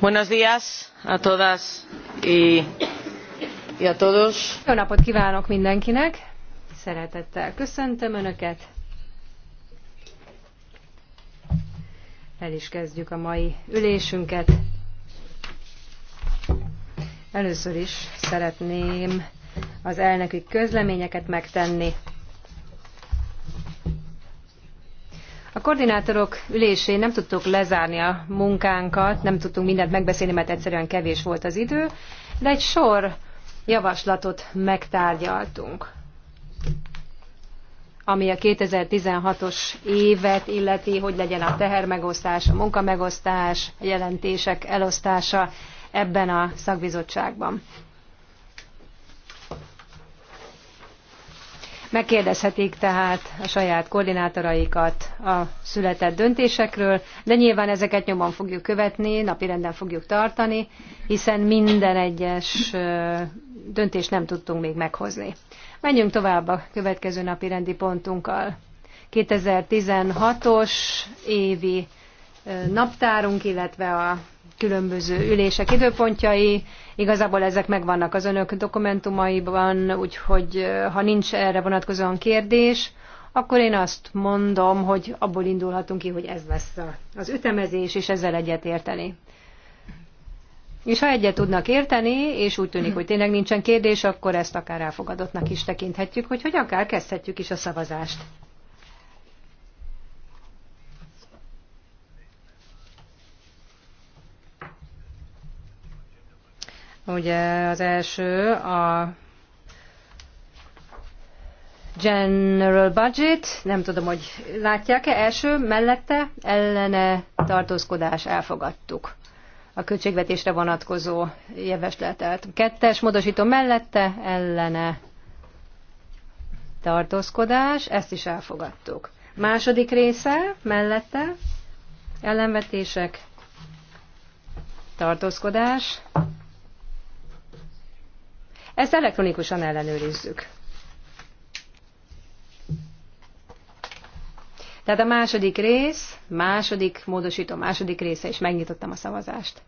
Jó napot kívánok mindenkinek! Szeretettel köszöntöm Önöket! El is kezdjük a mai ülésünket. Először is szeretném az elnöki közleményeket megtenni. koordinátorok ülésén nem tudtuk lezárni a munkánkat, nem tudtunk mindent megbeszélni, mert egyszerűen kevés volt az idő, de egy sor javaslatot megtárgyaltunk ami a 2016-os évet illeti, hogy legyen a tehermegosztás, a munkamegosztás, a jelentések elosztása ebben a szakbizottságban. Megkérdezhetik tehát a saját koordinátoraikat a született döntésekről, de nyilván ezeket nyomon fogjuk követni, napirenden fogjuk tartani, hiszen minden egyes döntést nem tudtunk még meghozni. Menjünk tovább a következő napirendi pontunkkal. 2016-os évi naptárunk, illetve a különböző ülések időpontjai. Igazából ezek megvannak az önök dokumentumaiban, úgyhogy ha nincs erre vonatkozóan kérdés, akkor én azt mondom, hogy abból indulhatunk ki, hogy ez lesz az ütemezés, és ezzel egyet érteni. És ha egyet tudnak érteni, és úgy tűnik, hogy tényleg nincsen kérdés, akkor ezt akár elfogadottnak is tekinthetjük, hogy, hogy akár kezdhetjük is a szavazást. Ugye az első a General Budget, nem tudom, hogy látják-e, első mellette ellene tartózkodás elfogadtuk a költségvetésre vonatkozó javaslatát. Kettes módosító mellette ellene tartózkodás, ezt is elfogadtuk. Második része mellette ellenvetések, tartózkodás, ezt elektronikusan ellenőrizzük. Tehát a második rész, második módosító, második része, és megnyitottam a szavazást.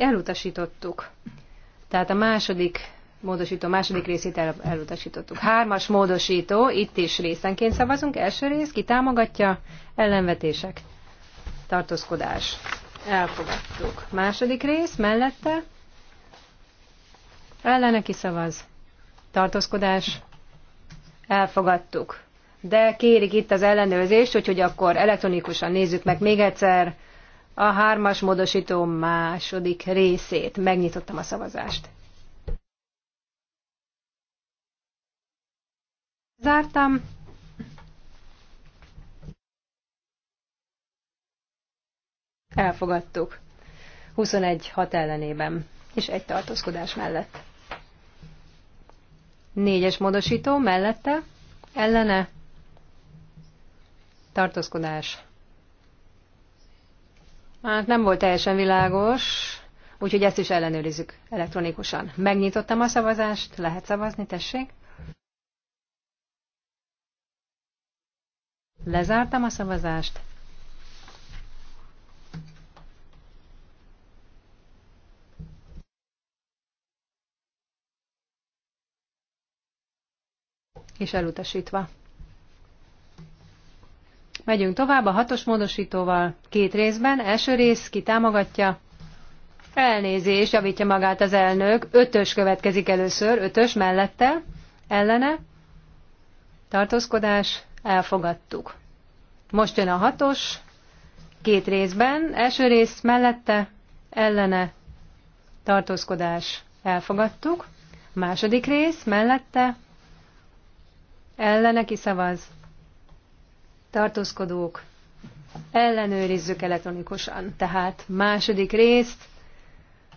elutasítottuk. Tehát a második módosító második részét el, elutasítottuk. Hármas módosító, itt is részenként szavazunk. Első rész, ki támogatja? Ellenvetések. Tartózkodás. Elfogadtuk. Második rész, mellette? Ellene ki szavaz? Tartózkodás. Elfogadtuk. De kérik itt az ellenőrzést, úgyhogy akkor elektronikusan nézzük meg még egyszer a hármas módosító második részét. Megnyitottam a szavazást. Zártam. Elfogadtuk. 21 hat ellenében, és egy tartózkodás mellett. Négyes módosító mellette, ellene, tartózkodás, Hát nem volt teljesen világos, úgyhogy ezt is ellenőrizzük elektronikusan. Megnyitottam a szavazást, lehet szavazni, tessék. Lezártam a szavazást. És elutasítva. Megyünk tovább a hatos módosítóval, két részben. Első rész, ki támogatja? Elnézés, javítja magát az elnök. Ötös következik először, ötös mellette, ellene. Tartózkodás, elfogadtuk. Most jön a hatos, két részben. Első rész mellette, ellene, tartózkodás, elfogadtuk. Második rész mellette, ellene kiszavaz, tartózkodók, ellenőrizzük elektronikusan. Tehát második részt,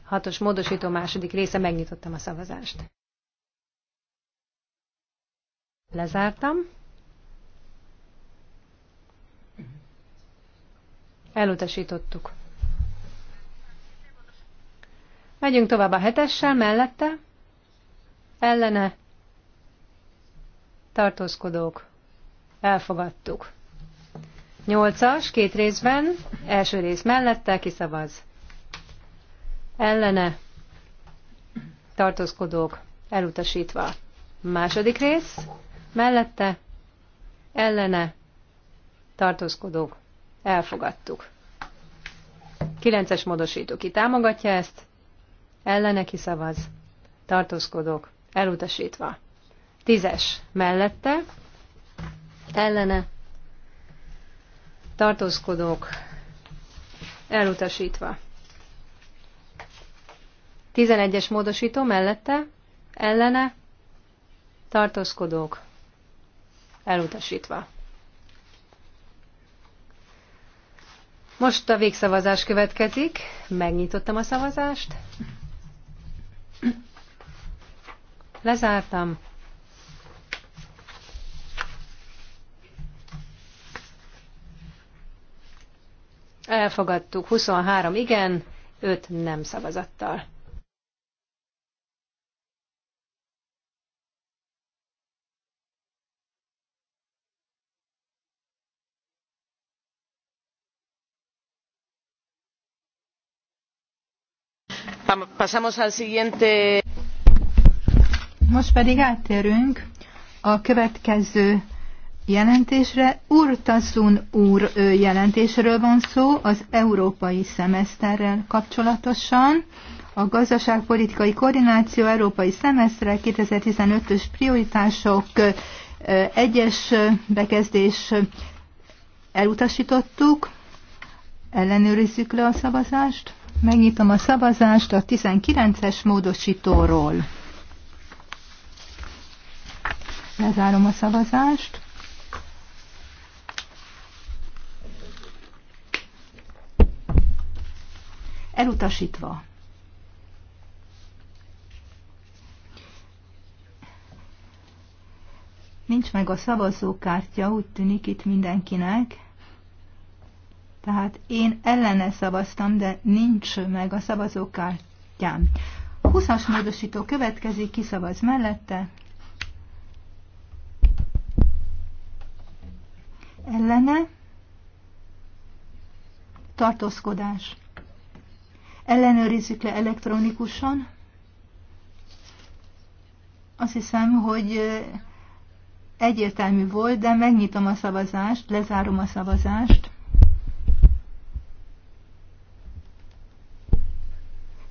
hatos módosító második része, megnyitottam a szavazást. Lezártam. Elutasítottuk. Megyünk tovább a hetessel, mellette. Ellene. Tartózkodók. Elfogadtuk. Nyolcas, két részben, első rész mellette, kiszavaz. Ellene, tartózkodók, elutasítva. Második rész, mellette, ellene, tartózkodók, elfogadtuk. Kilences módosító ki támogatja ezt, ellene kiszavaz, tartózkodók, elutasítva. Tízes mellette, ellene, tartózkodók elutasítva. 11-es módosító mellette, ellene, tartózkodók elutasítva. Most a végszavazás következik. Megnyitottam a szavazást. Lezártam. Elfogadtuk 23 igen, 5 nem szavazattal. Pasamos al siguiente. Most pedig átérünk a következő jelentésre. Urtasun úr jelentésről van szó az európai szemeszterrel kapcsolatosan. A gazdaságpolitikai koordináció európai szemeszterrel 2015-ös prioritások egyes bekezdés elutasítottuk. Ellenőrizzük le a szavazást. Megnyitom a szavazást a 19-es módosítóról. Lezárom a szavazást. elutasítva. Nincs meg a szavazókártya, úgy tűnik itt mindenkinek. Tehát én ellene szavaztam, de nincs meg a szavazókártyám. 20-as módosító következik, kiszavaz mellette. Ellene. Tartózkodás ellenőrizzük le elektronikusan. Azt hiszem, hogy egyértelmű volt, de megnyitom a szavazást, lezárom a szavazást.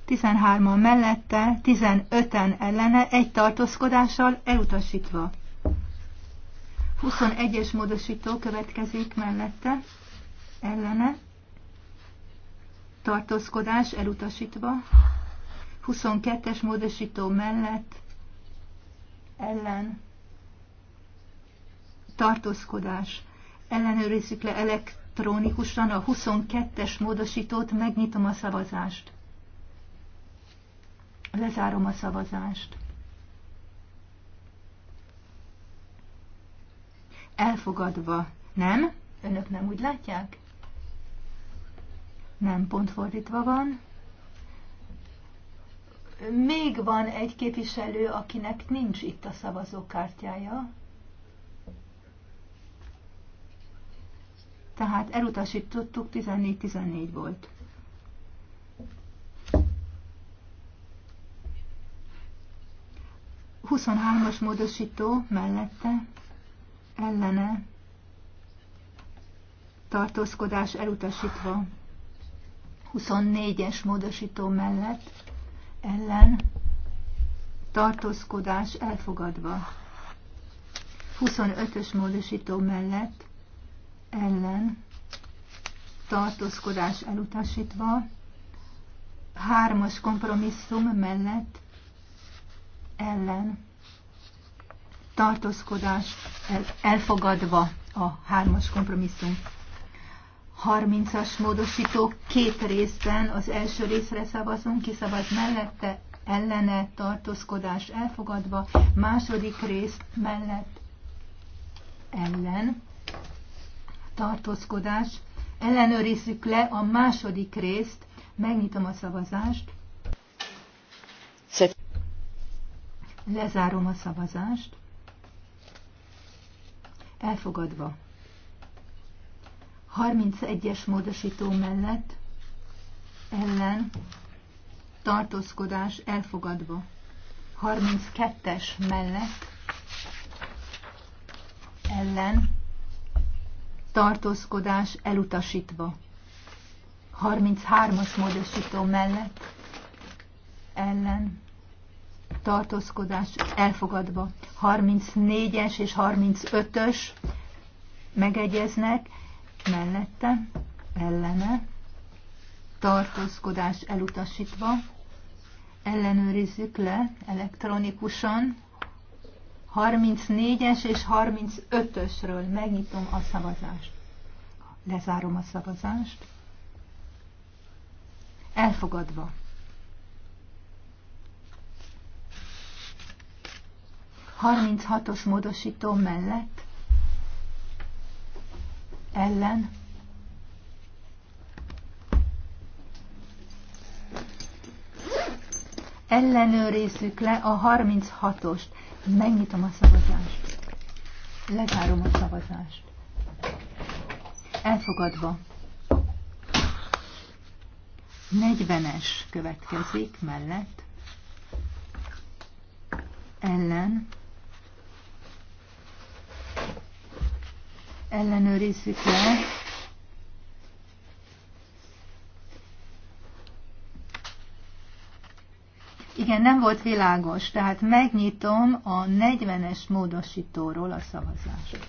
13-an mellette, 15-en ellene, egy tartózkodással elutasítva. 21-es módosító következik mellette, ellene, tartózkodás elutasítva, 22-es módosító mellett ellen tartózkodás. Ellenőrizzük le elektronikusan a 22-es módosítót, megnyitom a szavazást. Lezárom a szavazást. Elfogadva. Nem? Önök nem úgy látják? Nem, pont fordítva van. Még van egy képviselő, akinek nincs itt a szavazókártyája. Tehát elutasítottuk, 14-14 volt. Huszonhármas módosító mellette ellene tartózkodás elutasítva. 24-es módosító mellett ellen tartózkodás elfogadva. 25-ös módosító mellett ellen tartózkodás elutasítva, hármas kompromisszum mellett ellen tartózkodás elfogadva a hármas kompromisszum. 30-as módosító két részben az első részre szavazunk, ki szavaz mellette, ellene, tartózkodás elfogadva, második rész mellett, ellen, tartózkodás, ellenőrizzük le a második részt, megnyitom a szavazást, lezárom a szavazást, elfogadva. 31-es módosító mellett ellen tartózkodás elfogadva. 32-es mellett ellen tartózkodás elutasítva. 33-as módosító mellett ellen tartózkodás elfogadva. 34-es és 35-ös megegyeznek, mellette, ellene, tartózkodás elutasítva, ellenőrizzük le elektronikusan, 34-es és 35-ösről megnyitom a szavazást. Lezárom a szavazást. Elfogadva. Harminchatos módosító mellett ellen ellenőrizzük le a 36-ost. Megnyitom a szavazást. Lezárom a szavazást. Elfogadva. 40-es következik mellett. Ellen. ellenőrizzük le. Igen, nem volt világos, tehát megnyitom a 40-es módosítóról a szavazást.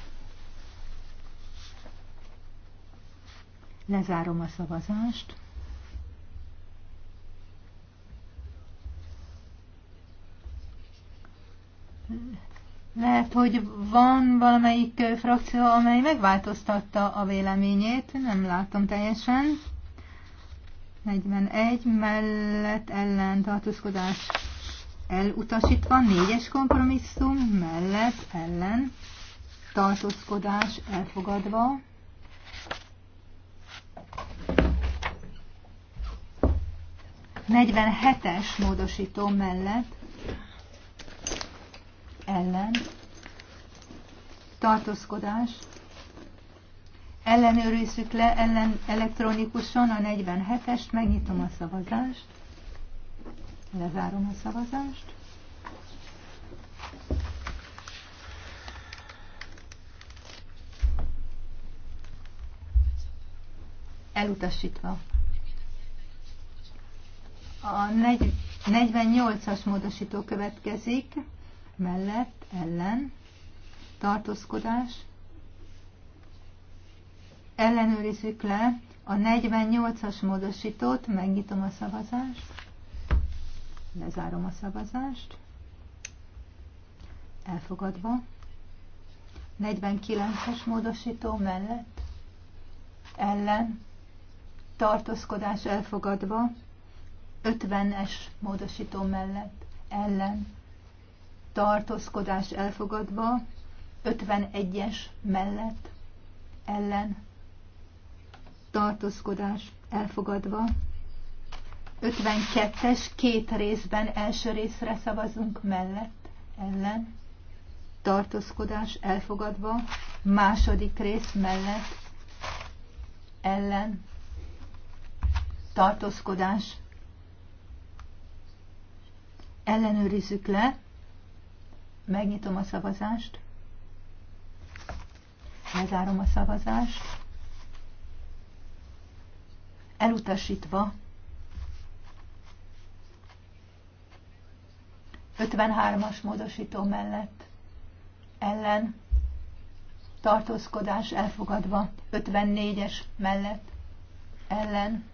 Lezárom a szavazást. Lehet, hogy van valamelyik frakció, amely megváltoztatta a véleményét, nem látom teljesen. 41 mellett ellen tartózkodás elutasítva, 4-es kompromisszum mellett ellen tartózkodás elfogadva. Negyvenhetes módosító mellett ellen, tartózkodás, ellenőrizzük le ellen, elektronikusan a 47-est, megnyitom a szavazást, lezárom a szavazást. Elutasítva. A 48-as módosító következik mellett, ellen, tartózkodás, ellenőrizzük le a 48-as módosítót, megnyitom a szavazást, lezárom a szavazást, elfogadva, 49-es módosító mellett, ellen, tartózkodás elfogadva, 50-es módosító mellett, ellen, tartózkodás elfogadva, 51-es mellett ellen tartózkodás elfogadva, 52-es két részben első részre szavazunk mellett ellen tartózkodás elfogadva, második rész mellett ellen tartózkodás ellenőrizzük le, Megnyitom a szavazást. Lezárom a szavazást. Elutasítva 53-as módosító mellett ellen tartózkodás elfogadva 54-es mellett ellen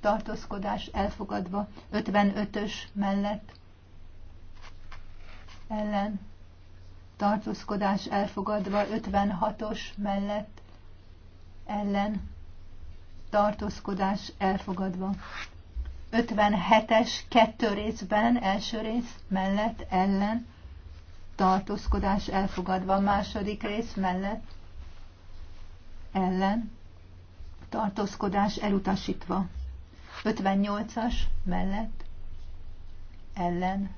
tartózkodás elfogadva 55-ös mellett ellen tartózkodás elfogadva 56-os mellett ellen tartózkodás elfogadva. 57-es kettő részben első rész mellett ellen tartózkodás elfogadva második rész mellett ellen tartózkodás elutasítva. 58-as mellett ellen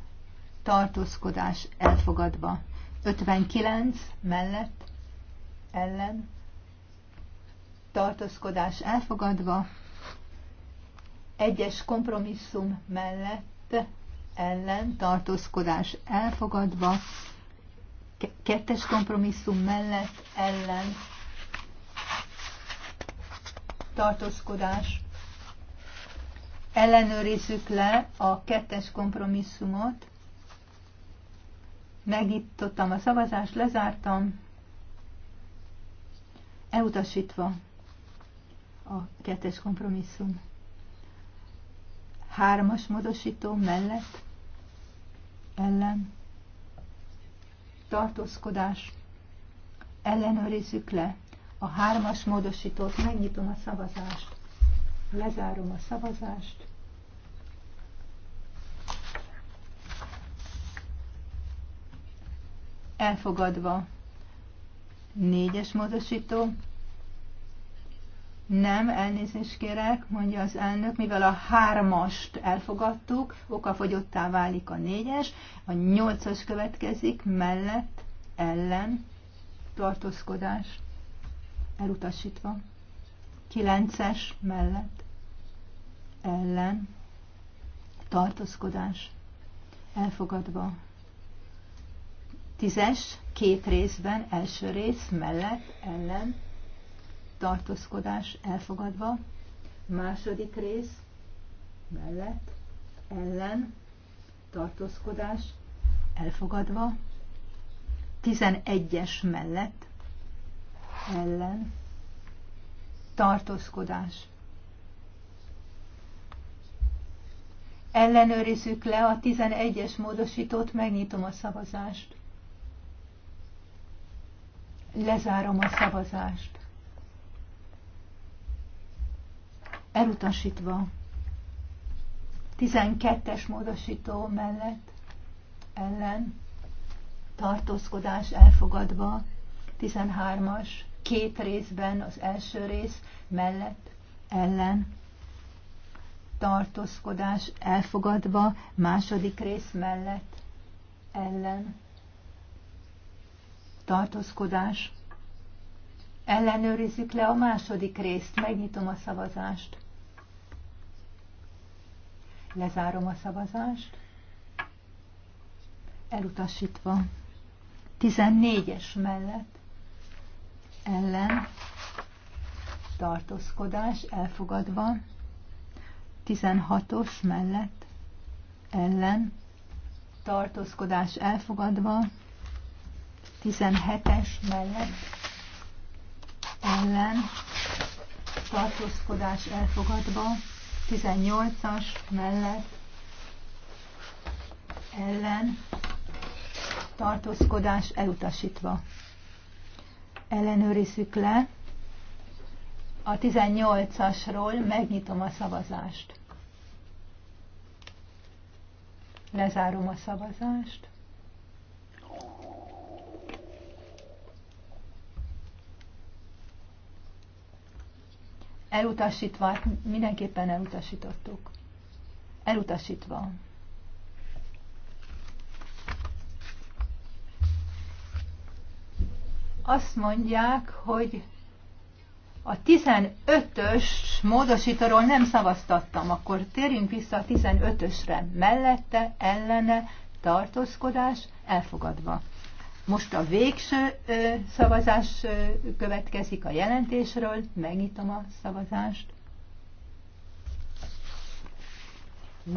tartózkodás elfogadva. 59 mellett ellen tartózkodás elfogadva, egyes kompromisszum mellett ellen tartózkodás elfogadva, kettes kompromisszum mellett ellen tartózkodás. Ellenőrizzük le a kettes kompromisszumot. Megnyitottam a szavazást, lezártam, elutasítva a kettes kompromisszum. Hármas módosító mellett, ellen, tartózkodás, ellenőrizzük le a hármas módosítót, megnyitom a szavazást, lezárom a szavazást, elfogadva. Négyes módosító. Nem, elnézést kérek, mondja az elnök, mivel a hármast elfogadtuk, okafogyottá válik a négyes, a nyolcas következik, mellett, ellen, tartózkodás, elutasítva. Kilences, mellett, ellen, tartózkodás, elfogadva. Tízes, két részben, első rész mellett, ellen, tartózkodás elfogadva, második rész mellett, ellen, tartózkodás elfogadva, Tizenegyes mellett, ellen, tartózkodás. Ellenőrizzük le a 11-es módosítót, megnyitom a szavazást. Lezárom a szavazást. Elutasítva. 12-es módosító mellett ellen tartózkodás elfogadva. 13-as két részben az első rész mellett ellen tartózkodás elfogadva, második rész mellett ellen tartózkodás. Ellenőrizzük le a második részt, megnyitom a szavazást. Lezárom a szavazást. Elutasítva. 14-es mellett ellen tartózkodás elfogadva. 16-os mellett ellen tartózkodás elfogadva. 17-es mellett ellen tartózkodás elfogadva, 18-as mellett ellen tartózkodás elutasítva. Ellenőrizzük le a 18-asról, megnyitom a szavazást. Lezárom a szavazást. elutasítva, hát mindenképpen elutasítottuk. Elutasítva. Azt mondják, hogy a 15-ös módosítóról nem szavaztattam, akkor térjünk vissza a 15-ösre. Mellette, ellene, tartózkodás, elfogadva. Most a végső szavazás következik a jelentésről. Megnyitom a szavazást.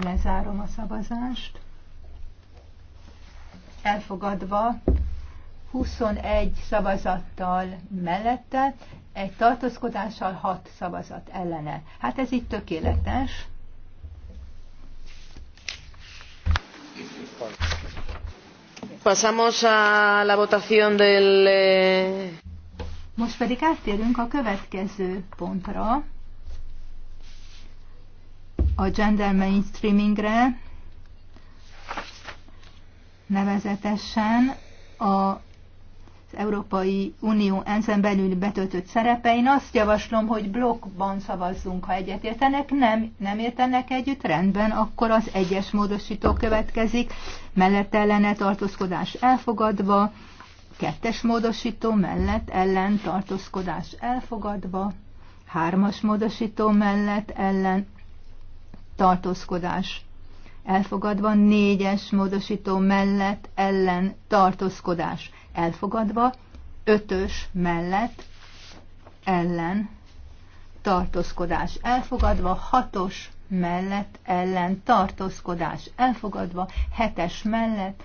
Lezárom a szavazást. Elfogadva 21 szavazattal mellette, egy tartózkodással 6 szavazat ellene. Hát ez így tökéletes. Pasamos a la votación del... Eh, Most pedig átérünk a következő pontra, a gender mainstreamingre, nevezetesen a Európai Unió enzen belül betöltött szerepe. Én azt javaslom, hogy blokkban szavazzunk, ha egyet nem, nem értenek együtt, rendben, akkor az egyes módosító következik, mellett ellene tartózkodás elfogadva, kettes módosító mellett ellen tartózkodás elfogadva, hármas módosító mellett ellen tartózkodás elfogadva, négyes módosító mellett ellen tartózkodás elfogadva, ötös mellett ellen tartózkodás elfogadva, hatos mellett ellen tartózkodás elfogadva, hetes mellett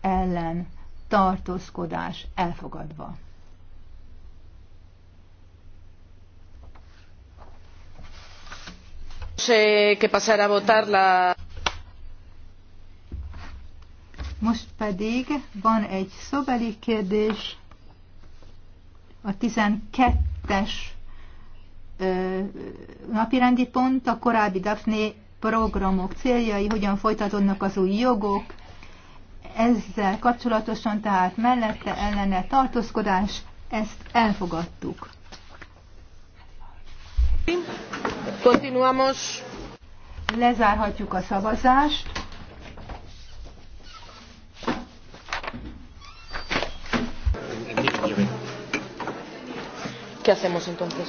ellen tartózkodás elfogadva. que pasar a votar la most pedig van egy szobeli kérdés a 12-es napirendi pont, a korábbi DAFNE programok céljai, hogyan folytatódnak az új jogok, ezzel kapcsolatosan tehát mellette ellene tartózkodás, ezt elfogadtuk. Continuamos. Lezárhatjuk a szavazást. que hacemos entonces?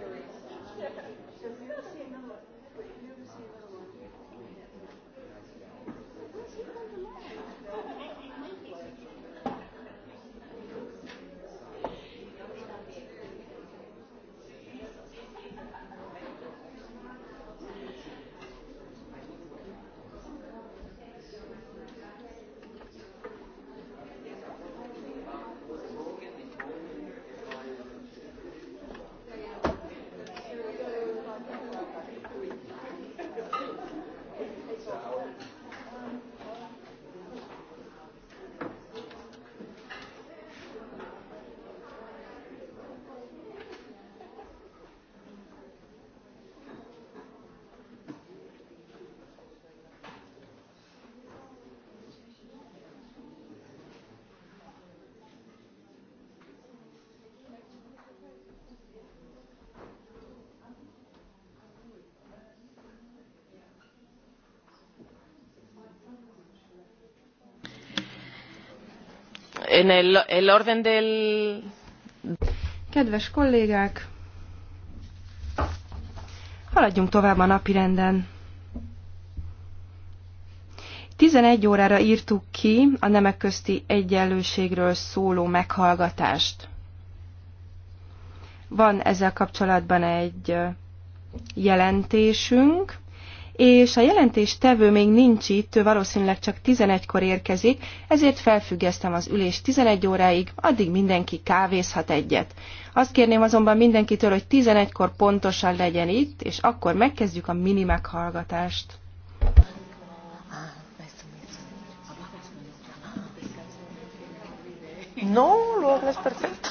en el, Kedves kollégák, haladjunk tovább a napirenden. 11 órára írtuk ki a nemek közti egyenlőségről szóló meghallgatást. Van ezzel kapcsolatban egy jelentésünk, és a jelentéstevő még nincs itt, ő valószínűleg csak 11-kor érkezik, ezért felfüggesztem az ülés 11 óráig, addig mindenki kávézhat egyet. Azt kérném azonban mindenkitől, hogy 11-kor pontosan legyen itt, és akkor megkezdjük a mini meghallgatást. No, lo hablas perfecto.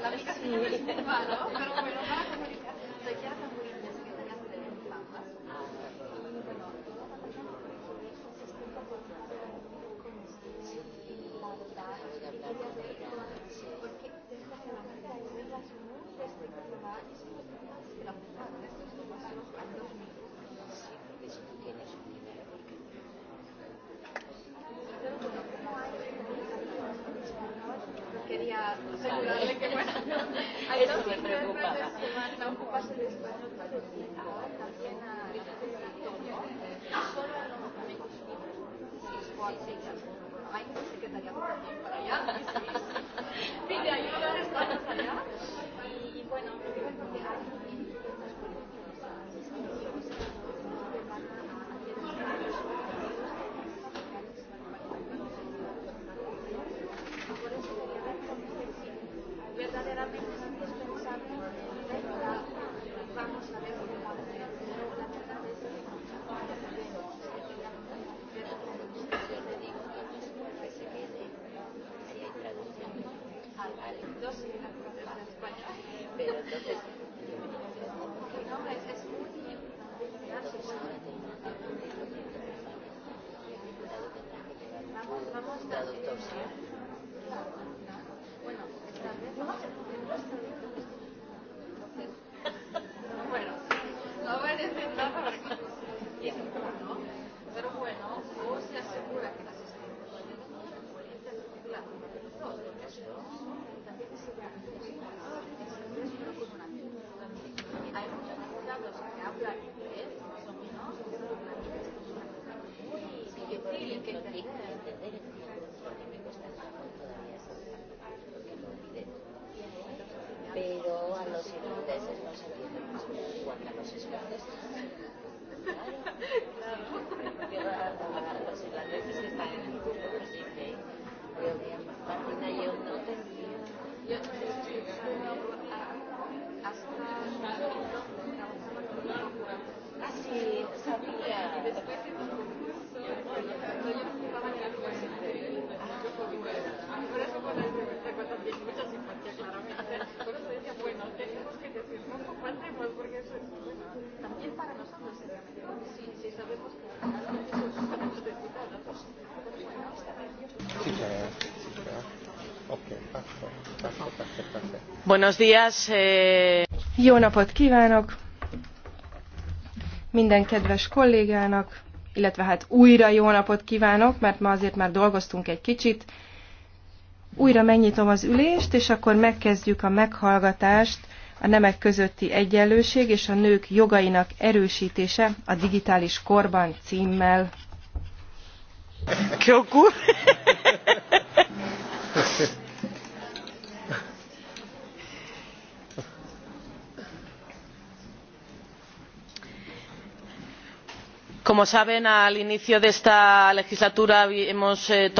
l'amica sì. signora di Cubano, però meno male che non è chiara Murigna, che è casa delle mamma. Perché questa è una cosa che non è la sua, questa è la sua, questa è la sua, questa è la sua, questa è la sua, vale, dos para España, pero entonces no, es, es muy Vamos, vamos a traducción. Bueno, esta vez no, entonces Buenos días. Eh. Jó napot kívánok minden kedves kollégának, illetve hát újra jó napot kívánok, mert ma azért már dolgoztunk egy kicsit. Újra megnyitom az ülést, és akkor megkezdjük a meghallgatást a nemek közötti egyenlőség és a nők jogainak erősítése a digitális korban címmel. Köszönöm. como saben al inicio de esta legislatura hemos eh,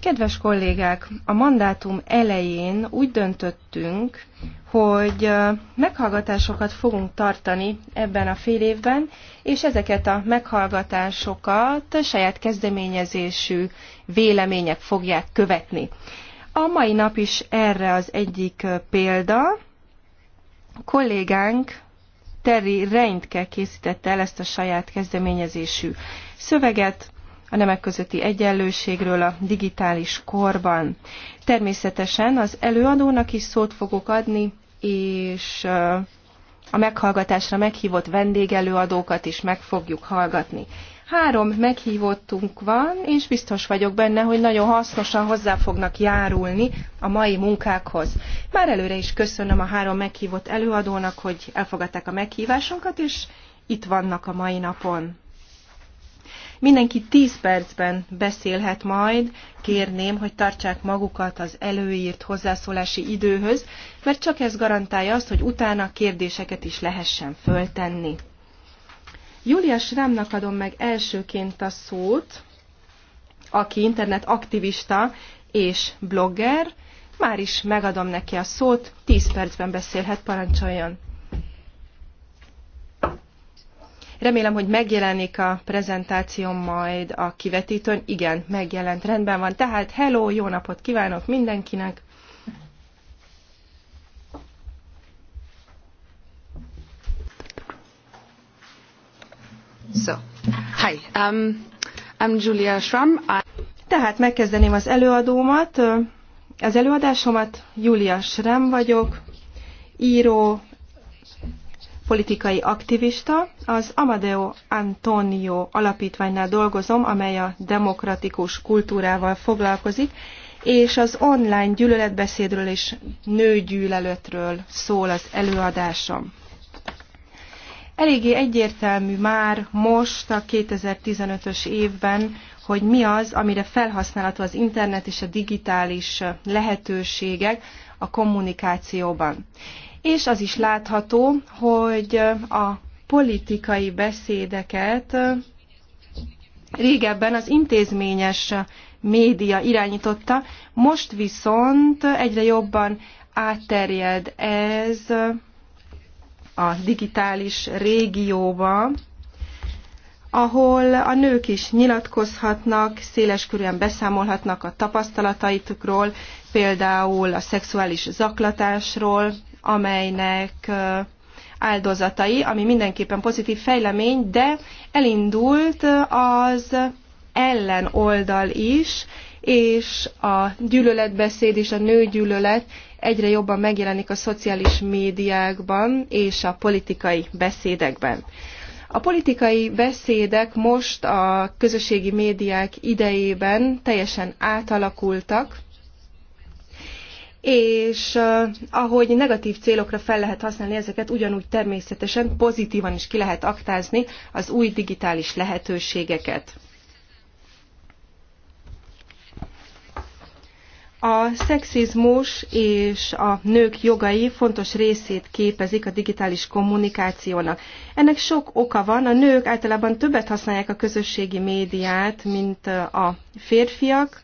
Kedves kollégák, a mandátum elején úgy döntöttünk, hogy meghallgatásokat fogunk tartani ebben a fél évben, és ezeket a meghallgatásokat saját kezdeményezésű vélemények fogják követni. A mai nap is erre az egyik példa, a kollégánk Terry Reintke készítette el ezt a saját kezdeményezésű szöveget a nemek közötti egyenlőségről a digitális korban. Természetesen az előadónak is szót fogok adni, és a meghallgatásra meghívott vendégelőadókat is meg fogjuk hallgatni. Három meghívottunk van, és biztos vagyok benne, hogy nagyon hasznosan hozzá fognak járulni a mai munkákhoz. Már előre is köszönöm a három meghívott előadónak, hogy elfogadták a meghívásunkat, és itt vannak a mai napon. Mindenki 10 percben beszélhet majd, kérném, hogy tartsák magukat az előírt hozzászólási időhöz, mert csak ez garantálja azt, hogy utána kérdéseket is lehessen föltenni. Julia Schramnak adom meg elsőként a szót, aki internet aktivista és blogger. Már is megadom neki a szót, 10 percben beszélhet, parancsoljon. Remélem, hogy megjelenik a prezentációm majd a kivetítőn. Igen, megjelent, rendben van. Tehát hello, jó napot kívánok mindenkinek! So, hi, um, I'm Julia Schramm. I... Tehát megkezdeném az előadómat, az előadásomat. Julia Schramm vagyok, író, politikai aktivista. Az Amadeo Antonio alapítványnál dolgozom, amely a demokratikus kultúrával foglalkozik, és az online gyűlöletbeszédről és nőgyűlöletről szól az előadásom. Eléggé egyértelmű már most a 2015-ös évben, hogy mi az, amire felhasználható az internet és a digitális lehetőségek a kommunikációban. És az is látható, hogy a politikai beszédeket régebben az intézményes média irányította, most viszont egyre jobban átterjed ez a digitális régióba, ahol a nők is nyilatkozhatnak, széleskörűen beszámolhatnak a tapasztalataikról, például a szexuális zaklatásról, amelynek áldozatai, ami mindenképpen pozitív fejlemény, de elindult az ellenoldal is, és a gyűlöletbeszéd és a nőgyűlölet egyre jobban megjelenik a szociális médiákban és a politikai beszédekben. A politikai beszédek most a közösségi médiák idejében teljesen átalakultak, és ahogy negatív célokra fel lehet használni ezeket, ugyanúgy természetesen pozitívan is ki lehet aktázni az új digitális lehetőségeket. A szexizmus és a nők jogai fontos részét képezik a digitális kommunikációnak. Ennek sok oka van, a nők általában többet használják a közösségi médiát, mint a férfiak.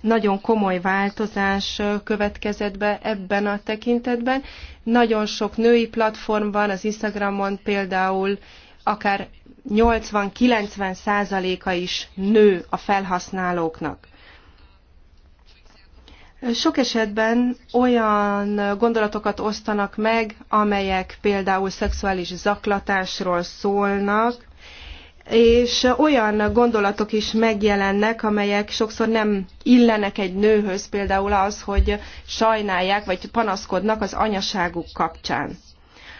Nagyon komoly változás következett be ebben a tekintetben. Nagyon sok női platform van, az Instagramon például akár 80-90 százaléka is nő a felhasználóknak sok esetben olyan gondolatokat osztanak meg, amelyek például szexuális zaklatásról szólnak, és olyan gondolatok is megjelennek, amelyek sokszor nem illenek egy nőhöz, például az, hogy sajnálják vagy panaszkodnak az anyaságuk kapcsán.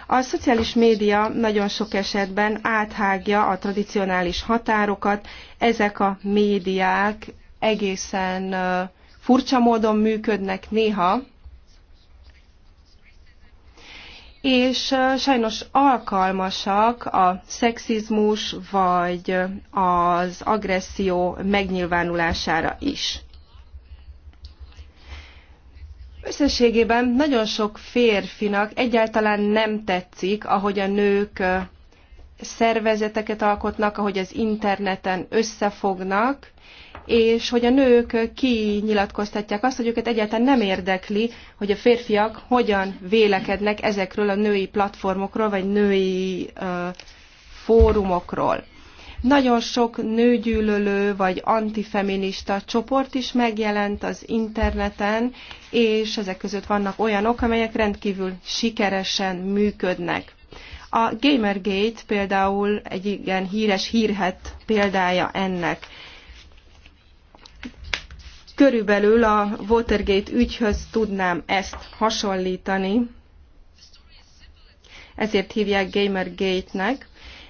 A szociális média nagyon sok esetben áthágja a tradicionális határokat, ezek a médiák egészen uh, furcsa módon működnek néha, és sajnos alkalmasak a szexizmus vagy az agresszió megnyilvánulására is. Összességében nagyon sok férfinak egyáltalán nem tetszik, ahogy a nők szervezeteket alkotnak, ahogy az interneten összefognak, és hogy a nők kinyilatkoztatják azt, hogy őket egyáltalán nem érdekli, hogy a férfiak hogyan vélekednek ezekről a női platformokról, vagy női uh, fórumokról. Nagyon sok nőgyűlölő vagy antifeminista csoport is megjelent az interneten, és ezek között vannak olyanok, amelyek rendkívül sikeresen működnek. A Gamergate például egy igen híres hírhet példája ennek. Körülbelül a Watergate ügyhöz tudnám ezt hasonlítani, ezért hívják Gamergate-nek.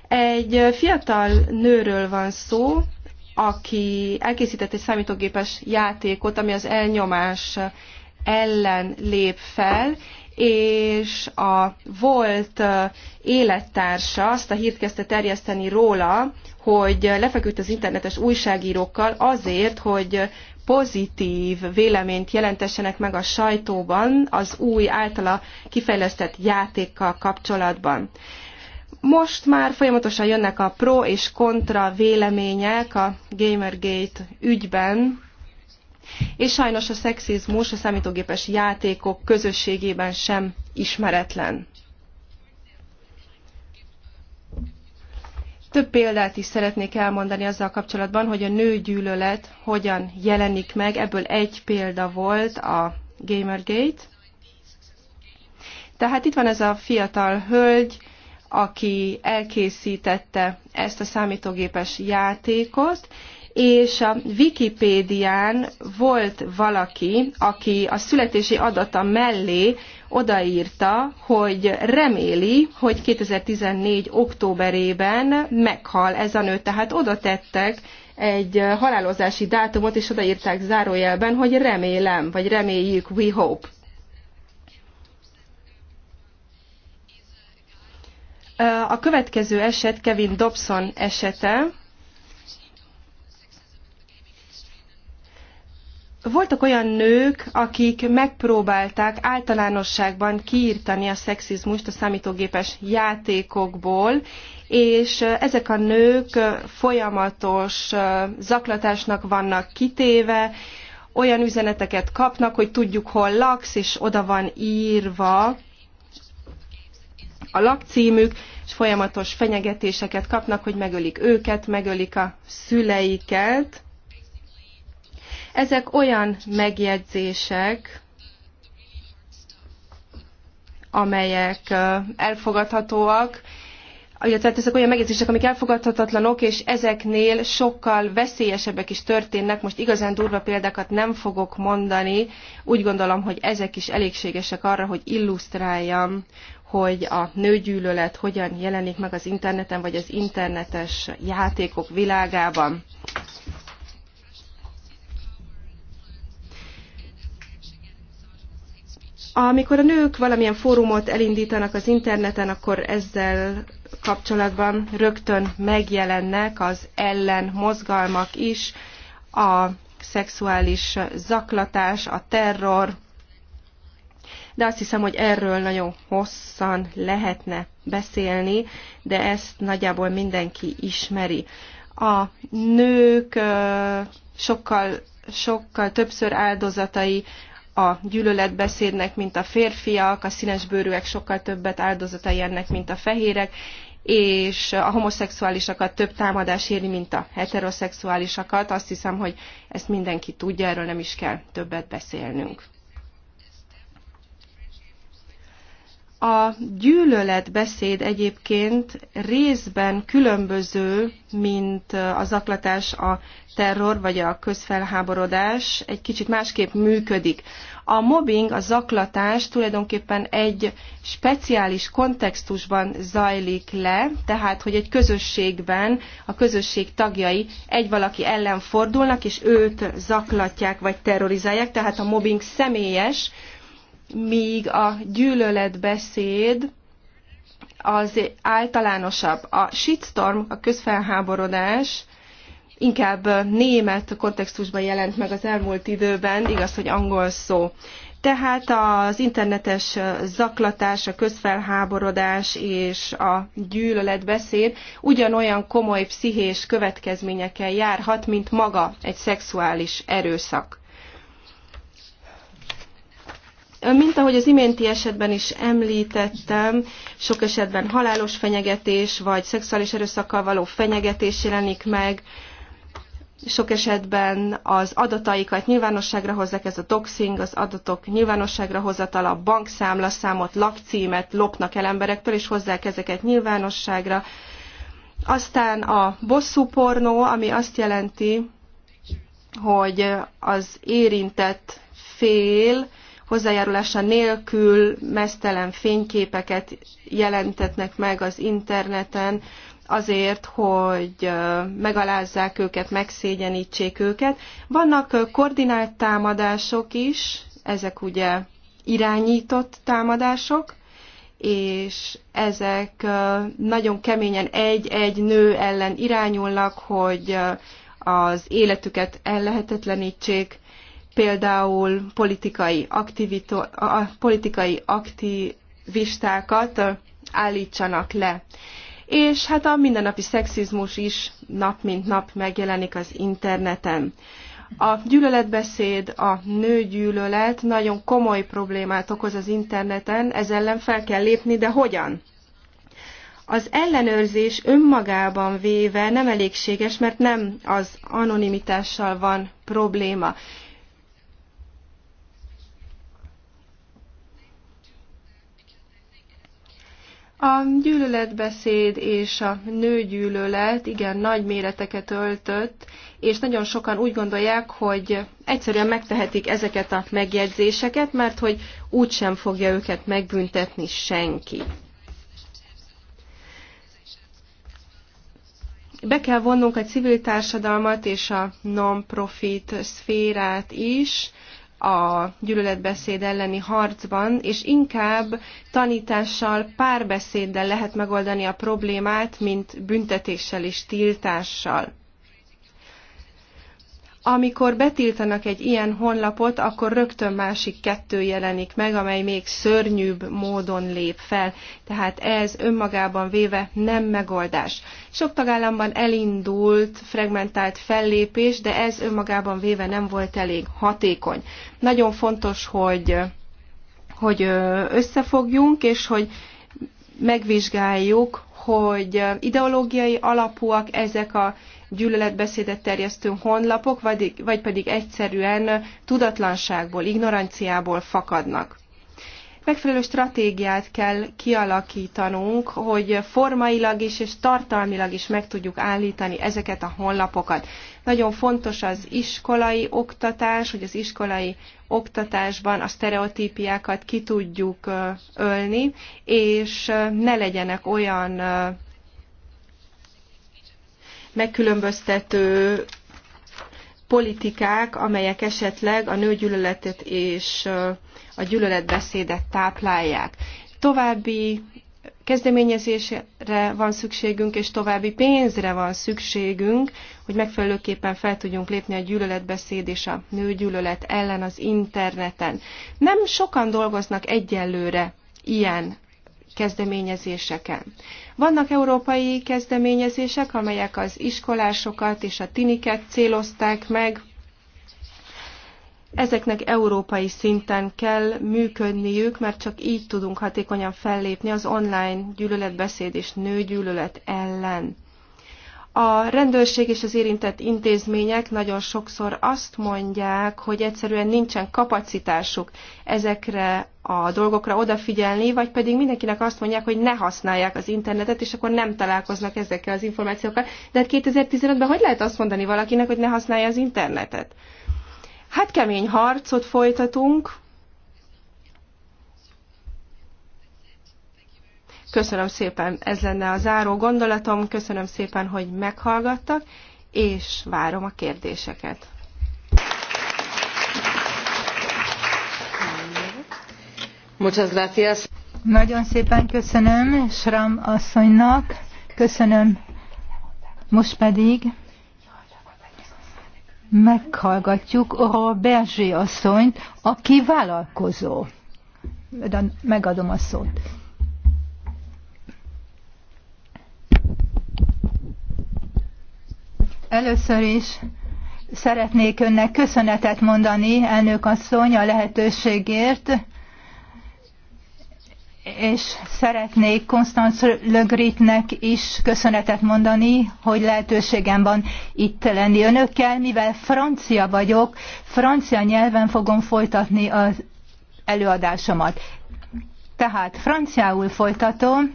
Egy fiatal nőről van szó, aki elkészített egy számítógépes játékot, ami az elnyomás ellen lép fel, és a volt élettársa azt a hírt kezdte terjeszteni róla, hogy lefeküdt az internetes újságírókkal azért, hogy pozitív véleményt jelentessenek meg a sajtóban az új általa kifejlesztett játékkal kapcsolatban. Most már folyamatosan jönnek a pro és kontra vélemények a Gamergate ügyben, és sajnos a szexizmus a számítógépes játékok közösségében sem ismeretlen. Több példát is szeretnék elmondani azzal kapcsolatban, hogy a nőgyűlölet hogyan jelenik meg. Ebből egy példa volt a Gamergate. Tehát itt van ez a fiatal hölgy, aki elkészítette ezt a számítógépes játékot, és a Wikipédián volt valaki, aki a születési adata mellé odaírta, hogy reméli, hogy 2014. októberében meghal ez a nő. Tehát oda tettek egy halálozási dátumot, és odaírták zárójelben, hogy remélem, vagy reméljük, we hope. A következő eset Kevin Dobson esete voltak olyan nők, akik megpróbálták általánosságban kiirtani a szexizmust a számítógépes játékokból, és ezek a nők folyamatos zaklatásnak vannak kitéve, olyan üzeneteket kapnak, hogy tudjuk, hol laksz, és oda van írva a lakcímük, és folyamatos fenyegetéseket kapnak, hogy megölik őket, megölik a szüleiket ezek olyan megjegyzések, amelyek elfogadhatóak, tehát ezek olyan megjegyzések, amik elfogadhatatlanok, és ezeknél sokkal veszélyesebbek is történnek. Most igazán durva példákat nem fogok mondani. Úgy gondolom, hogy ezek is elégségesek arra, hogy illusztráljam, hogy a nőgyűlölet hogyan jelenik meg az interneten, vagy az internetes játékok világában. Amikor a nők valamilyen fórumot elindítanak az interneten, akkor ezzel kapcsolatban rögtön megjelennek az ellen mozgalmak is, a szexuális zaklatás, a terror, de azt hiszem, hogy erről nagyon hosszan lehetne beszélni, de ezt nagyjából mindenki ismeri. A nők sokkal, sokkal többször áldozatai a gyűlöletbeszédnek, mint a férfiak, a színesbőrűek sokkal többet áldozatai ennek, mint a fehérek, és a homoszexuálisakat több támadás éri, mint a heteroszexuálisakat. Azt hiszem, hogy ezt mindenki tudja, erről nem is kell többet beszélnünk. A gyűlöletbeszéd egyébként részben különböző, mint a zaklatás, a terror vagy a közfelháborodás, egy kicsit másképp működik. A mobbing, a zaklatás tulajdonképpen egy speciális kontextusban zajlik le, tehát hogy egy közösségben a közösség tagjai egy valaki ellen fordulnak, és őt zaklatják vagy terrorizálják, tehát a mobbing személyes, míg a gyűlöletbeszéd az általánosabb. A shitstorm, a közfelháborodás inkább német kontextusban jelent meg az elmúlt időben, igaz, hogy angol szó. Tehát az internetes zaklatás, a közfelháborodás és a gyűlöletbeszéd ugyanolyan komoly pszichés következményekkel járhat, mint maga egy szexuális erőszak. Mint ahogy az iménti esetben is említettem, sok esetben halálos fenyegetés vagy szexuális erőszakkal való fenyegetés jelenik meg, sok esetben az adataikat nyilvánosságra hozzák, ez a doxing, az adatok nyilvánosságra hozatala, bankszámlaszámot, lakcímet lopnak el emberektől, és hozzák ezeket nyilvánosságra. Aztán a bosszú pornó, ami azt jelenti, hogy az érintett fél, hozzájárulása nélkül mesztelen fényképeket jelentetnek meg az interneten, azért, hogy megalázzák őket, megszégyenítsék őket. Vannak koordinált támadások is, ezek ugye irányított támadások, és ezek nagyon keményen egy-egy nő ellen irányulnak, hogy az életüket ellehetetlenítsék, például politikai, aktivito, a politikai aktivistákat állítsanak le. És hát a mindennapi szexizmus is nap mint nap megjelenik az interneten. A gyűlöletbeszéd, a nőgyűlölet nagyon komoly problémát okoz az interneten, ez ellen fel kell lépni, de hogyan? Az ellenőrzés önmagában véve nem elégséges, mert nem az anonimitással van probléma. A gyűlöletbeszéd és a nőgyűlölet igen nagy méreteket öltött, és nagyon sokan úgy gondolják, hogy egyszerűen megtehetik ezeket a megjegyzéseket, mert hogy úgysem fogja őket megbüntetni senki. Be kell vonnunk a civil társadalmat és a non-profit szférát is, a gyűlöletbeszéd elleni harcban, és inkább tanítással, párbeszéddel lehet megoldani a problémát, mint büntetéssel és tiltással amikor betiltanak egy ilyen honlapot, akkor rögtön másik kettő jelenik meg, amely még szörnyűbb módon lép fel. Tehát ez önmagában véve nem megoldás. Sok tagállamban elindult fragmentált fellépés, de ez önmagában véve nem volt elég hatékony. Nagyon fontos, hogy, hogy összefogjunk, és hogy megvizsgáljuk, hogy ideológiai alapúak ezek a gyűlöletbeszédet terjesztő honlapok, vagy, vagy pedig egyszerűen tudatlanságból, ignoranciából fakadnak megfelelő stratégiát kell kialakítanunk, hogy formailag is és tartalmilag is meg tudjuk állítani ezeket a honlapokat. Nagyon fontos az iskolai oktatás, hogy az iskolai oktatásban a sztereotípiákat ki tudjuk ölni, és ne legyenek olyan megkülönböztető politikák, amelyek esetleg a nőgyűlöletet és a gyűlöletbeszédet táplálják. További kezdeményezésre van szükségünk, és további pénzre van szükségünk, hogy megfelelőképpen fel tudjunk lépni a gyűlöletbeszéd és a nőgyűlölet ellen az interneten. Nem sokan dolgoznak egyelőre ilyen kezdeményezéseken. Vannak európai kezdeményezések, amelyek az iskolásokat és a tiniket célozták meg, ezeknek európai szinten kell működniük, mert csak így tudunk hatékonyan fellépni az online gyűlöletbeszéd és nőgyűlölet ellen. A rendőrség és az érintett intézmények nagyon sokszor azt mondják, hogy egyszerűen nincsen kapacitásuk ezekre a dolgokra odafigyelni, vagy pedig mindenkinek azt mondják, hogy ne használják az internetet, és akkor nem találkoznak ezekkel az információkkal. De hát 2015-ben hogy lehet azt mondani valakinek, hogy ne használja az internetet? Hát kemény harcot folytatunk, Köszönöm szépen, ez lenne a záró gondolatom, köszönöm szépen, hogy meghallgattak, és várom a kérdéseket. Muchas gracias. Nagyon szépen köszönöm Sram asszonynak, köszönöm. Most pedig meghallgatjuk a Berzsé asszonyt, aki vállalkozó. Megadom a szót. Először is szeretnék önnek köszönetet mondani, elnök asszony, a lehetőségért, és szeretnék Konstanz Lögritnek is köszönetet mondani, hogy lehetőségem van itt lenni önökkel, mivel francia vagyok, francia nyelven fogom folytatni az előadásomat. Tehát franciául folytatom,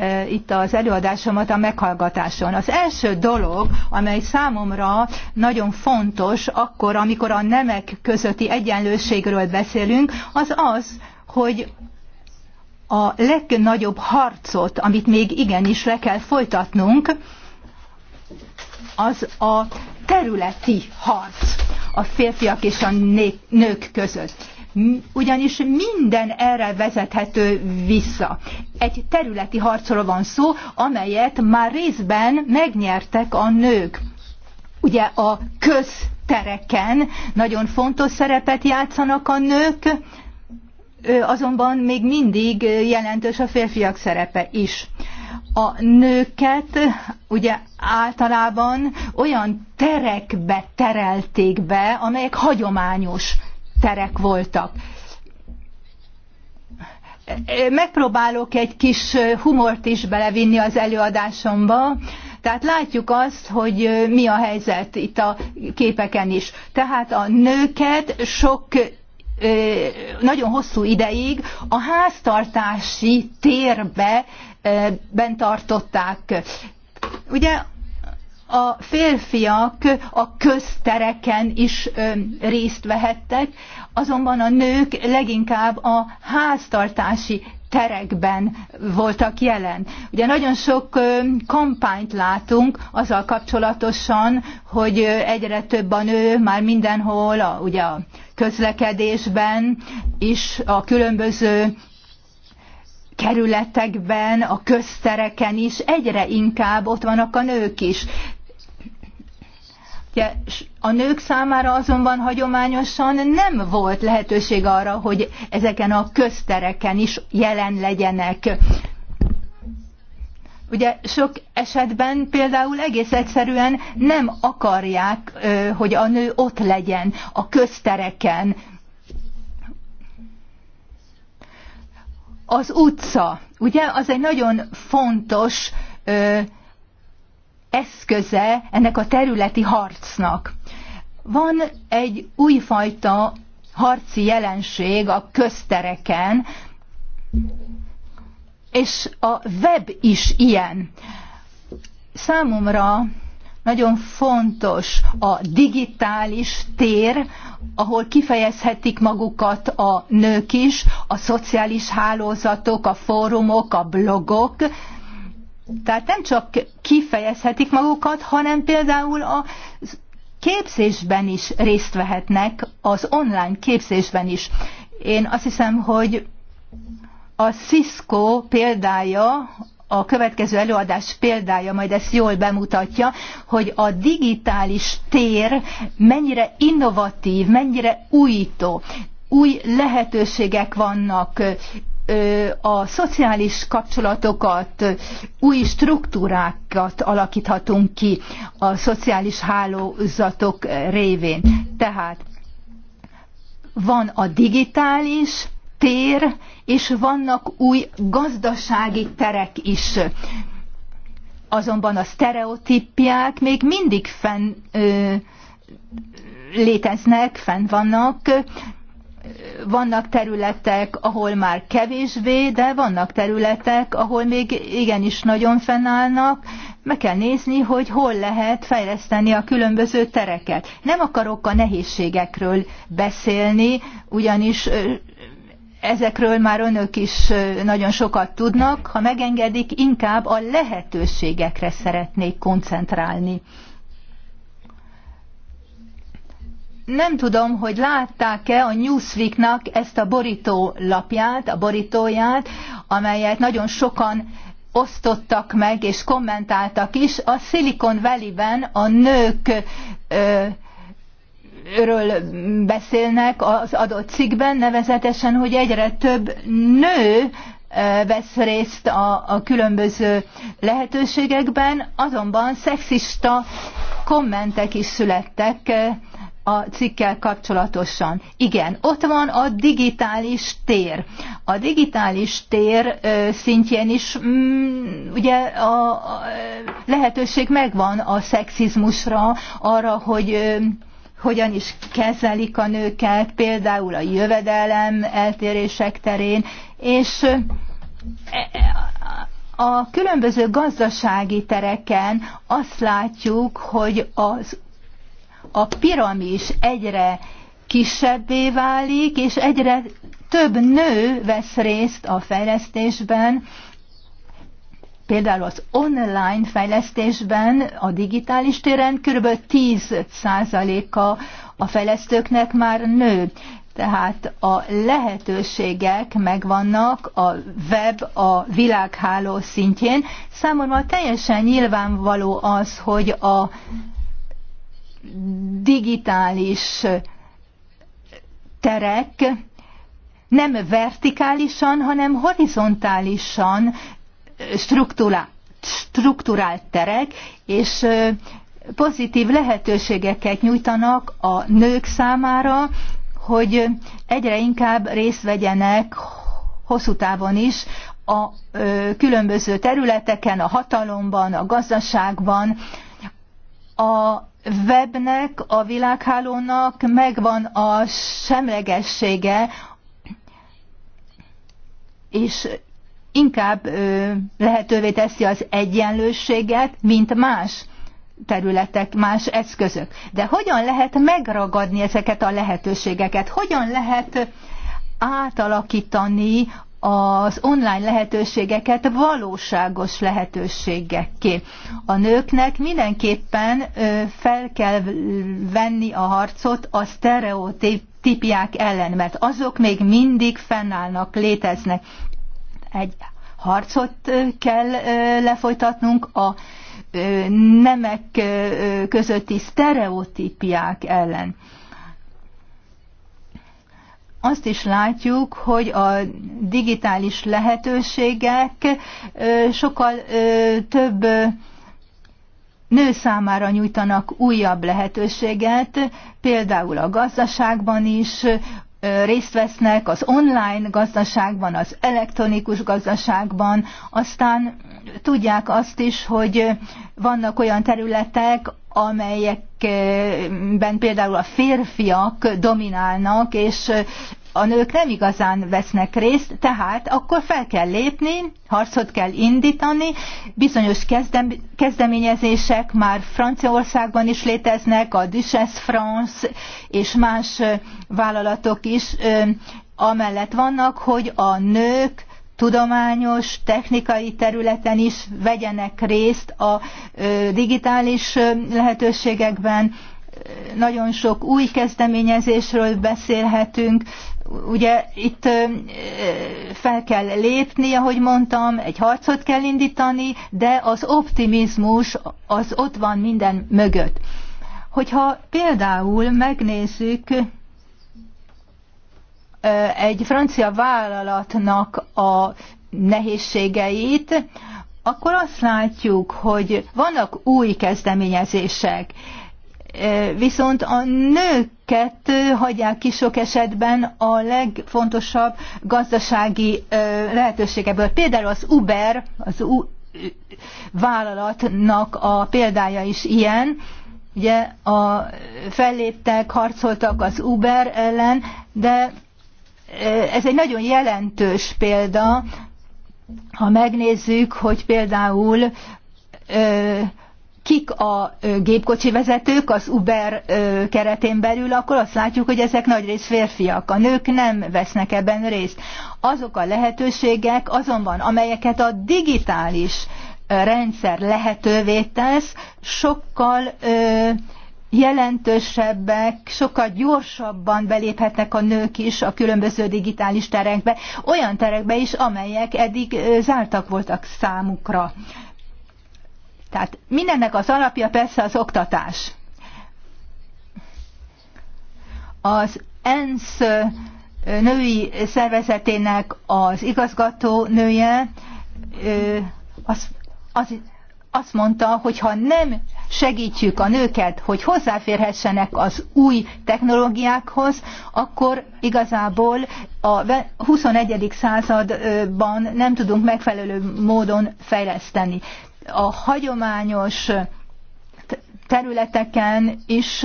Eh, itt az előadásomat a meghallgatáson. Az első dolog, amely számomra nagyon fontos akkor, amikor a nemek közötti egyenlőségről beszélünk, az az, hogy a legnagyobb harcot, amit még igenis le kell folytatnunk, az a területi harc a férfiak és a nők között ugyanis minden erre vezethető vissza. Egy területi harcról van szó, amelyet már részben megnyertek a nők. Ugye a köztereken nagyon fontos szerepet játszanak a nők, azonban még mindig jelentős a férfiak szerepe is. A nőket ugye általában olyan terekbe terelték be, amelyek hagyományos terek voltak megpróbálok egy kis humort is belevinni az előadásomba, tehát látjuk azt, hogy mi a helyzet itt a képeken is. Tehát a nőket sok nagyon hosszú ideig a háztartási térbe bent tartották. Ugye a férfiak a köztereken is részt vehettek, azonban a nők leginkább a háztartási terekben voltak jelen. Ugye nagyon sok kampányt látunk azzal kapcsolatosan, hogy egyre több a nő már mindenhol, a, ugye a közlekedésben is, a különböző kerületekben, a köztereken is egyre inkább ott vannak a nők is. A nők számára azonban hagyományosan nem volt lehetőség arra, hogy ezeken a köztereken is jelen legyenek. Ugye sok esetben például egész egyszerűen nem akarják, hogy a nő ott legyen a köztereken. Az utca, ugye, az egy nagyon fontos eszköze ennek a területi harcnak. Van egy újfajta harci jelenség a köztereken, és a web is ilyen. Számomra nagyon fontos a digitális tér, ahol kifejezhetik magukat a nők is, a szociális hálózatok, a fórumok, a blogok, tehát nem csak kifejezhetik magukat, hanem például a képzésben is részt vehetnek, az online képzésben is. Én azt hiszem, hogy a Cisco példája, a következő előadás példája majd ezt jól bemutatja, hogy a digitális tér mennyire innovatív, mennyire újító. Új lehetőségek vannak, a szociális kapcsolatokat, új struktúrákat alakíthatunk ki a szociális hálózatok révén. Tehát van a digitális tér, és vannak új gazdasági terek is. Azonban a sztereotípiák még mindig fenn ö, léteznek, fenn vannak, vannak területek, ahol már kevésbé, de vannak területek, ahol még igenis nagyon fennállnak. Meg kell nézni, hogy hol lehet fejleszteni a különböző tereket. Nem akarok a nehézségekről beszélni, ugyanis ezekről már önök is nagyon sokat tudnak. Ha megengedik, inkább a lehetőségekre szeretnék koncentrálni nem tudom, hogy látták-e a Newsweeknak ezt a borító lapját, a borítóját, amelyet nagyon sokan osztottak meg és kommentáltak is. A Silicon Valley-ben a nők ö, Öről beszélnek az adott cikkben, nevezetesen, hogy egyre több nő vesz részt a, a különböző lehetőségekben, azonban szexista kommentek is születtek a cikkel kapcsolatosan. Igen, ott van a digitális tér. A digitális tér szintjén is mm, ugye a, a lehetőség megvan a szexizmusra, arra, hogy hogyan is kezelik a nőket, például a jövedelem eltérések terén, és e, e, a különböző gazdasági tereken azt látjuk, hogy az a piramis egyre kisebbé válik, és egyre több nő vesz részt a fejlesztésben, például az online fejlesztésben, a digitális téren kb. 10%-a a fejlesztőknek már nő. Tehát a lehetőségek megvannak a web, a világháló szintjén. Számomra teljesen nyilvánvaló az, hogy a digitális terek nem vertikálisan, hanem horizontálisan struktúrált terek, és pozitív lehetőségeket nyújtanak a nők számára, hogy egyre inkább részt vegyenek hosszú távon is a különböző területeken, a hatalomban, a gazdaságban, a webnek, a világhálónak megvan a semlegessége, és inkább lehetővé teszi az egyenlőséget, mint más területek, más eszközök. De hogyan lehet megragadni ezeket a lehetőségeket? Hogyan lehet átalakítani az online lehetőségeket valóságos lehetőségekké. A nőknek mindenképpen fel kell venni a harcot a sztereotípiák ellen, mert azok még mindig fennállnak, léteznek. Egy harcot kell lefolytatnunk a nemek közötti sztereotípiák ellen azt is látjuk, hogy a digitális lehetőségek sokkal több nő számára nyújtanak újabb lehetőséget, például a gazdaságban is részt vesznek az online gazdaságban, az elektronikus gazdaságban, aztán tudják azt is, hogy vannak olyan területek, amelyekben például a férfiak dominálnak, és a nők nem igazán vesznek részt, tehát akkor fel kell lépni, harcot kell indítani, bizonyos kezdem, kezdeményezések már Franciaországban is léteznek, a Duchesse France és más vállalatok is amellett vannak, hogy a nők tudományos, technikai területen is vegyenek részt a digitális lehetőségekben. Nagyon sok új kezdeményezésről beszélhetünk. Ugye itt fel kell lépni, ahogy mondtam, egy harcot kell indítani, de az optimizmus az ott van minden mögött. Hogyha például megnézzük egy francia vállalatnak a nehézségeit, akkor azt látjuk, hogy vannak új kezdeményezések, viszont a nőket hagyják ki sok esetben a legfontosabb gazdasági lehetőségeből. Például az Uber, az U- vállalatnak a példája is ilyen, ugye a felléptek, harcoltak az Uber ellen, de ez egy nagyon jelentős példa, ha megnézzük, hogy például kik a gépkocsi vezetők az Uber keretén belül, akkor azt látjuk, hogy ezek nagyrészt férfiak. A nők nem vesznek ebben részt. Azok a lehetőségek azonban, amelyeket a digitális rendszer lehetővé tesz, sokkal jelentősebbek, sokkal gyorsabban beléphetnek a nők is a különböző digitális terekbe, olyan terekbe is, amelyek eddig zártak voltak számukra. Tehát mindennek az alapja persze az oktatás. Az ENSZ női szervezetének az igazgató nője az, az azt mondta, hogy ha nem segítjük a nőket, hogy hozzáférhessenek az új technológiákhoz, akkor igazából a 21. században nem tudunk megfelelő módon fejleszteni. A hagyományos területeken is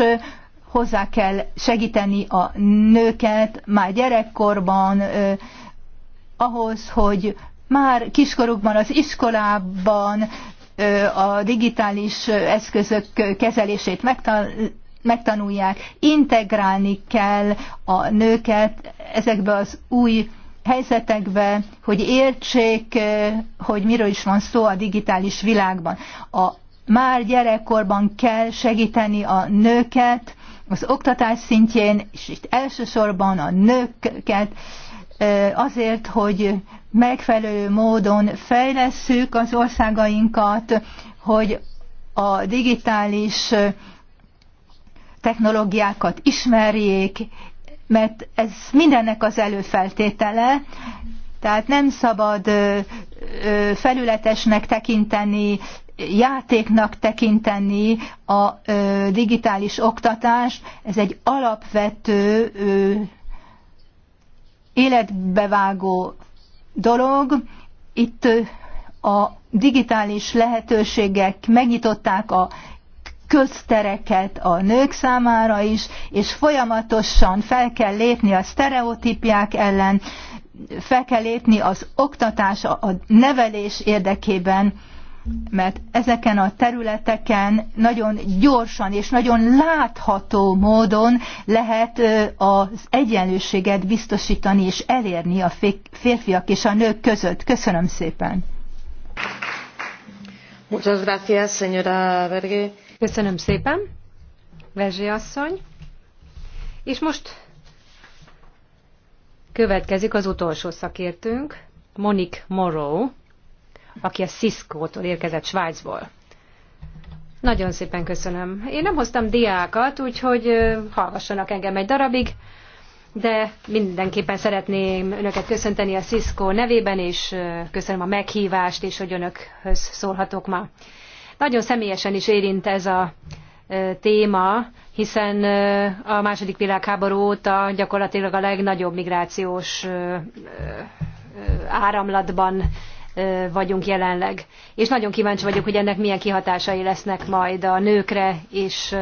hozzá kell segíteni a nőket már gyerekkorban ahhoz, hogy már kiskorukban az iskolában a digitális eszközök kezelését megtanulják, integrálni kell a nőket ezekbe az új helyzetekbe, hogy értsék, hogy miről is van szó a digitális világban. A már gyerekkorban kell segíteni a nőket, az oktatás szintjén, és itt elsősorban a nőket, azért, hogy megfelelő módon fejlesszük az országainkat, hogy a digitális technológiákat ismerjék, mert ez mindennek az előfeltétele, tehát nem szabad felületesnek tekinteni, játéknak tekinteni a digitális oktatást. Ez egy alapvető életbevágó dolog. Itt a digitális lehetőségek megnyitották a köztereket a nők számára is, és folyamatosan fel kell lépni a sztereotípiák ellen, fel kell lépni az oktatás, a nevelés érdekében mert ezeken a területeken nagyon gyorsan és nagyon látható módon lehet az egyenlőséget biztosítani és elérni a férfiak és a nők között. Köszönöm szépen! Muchas gracias, señora Berge. Köszönöm szépen, Verzsé asszony. És most következik az utolsó szakértőnk, Monik Morrow aki a Cisco-tól érkezett Svájcból. Nagyon szépen köszönöm. Én nem hoztam diákat, úgyhogy hallgassanak engem egy darabig, de mindenképpen szeretném önöket köszönteni a Cisco nevében, és köszönöm a meghívást, és hogy önökhöz szólhatok ma. Nagyon személyesen is érint ez a téma, hiszen a második világháború óta gyakorlatilag a legnagyobb migrációs áramlatban vagyunk jelenleg. És nagyon kíváncsi vagyok, hogy ennek milyen kihatásai lesznek majd a nőkre és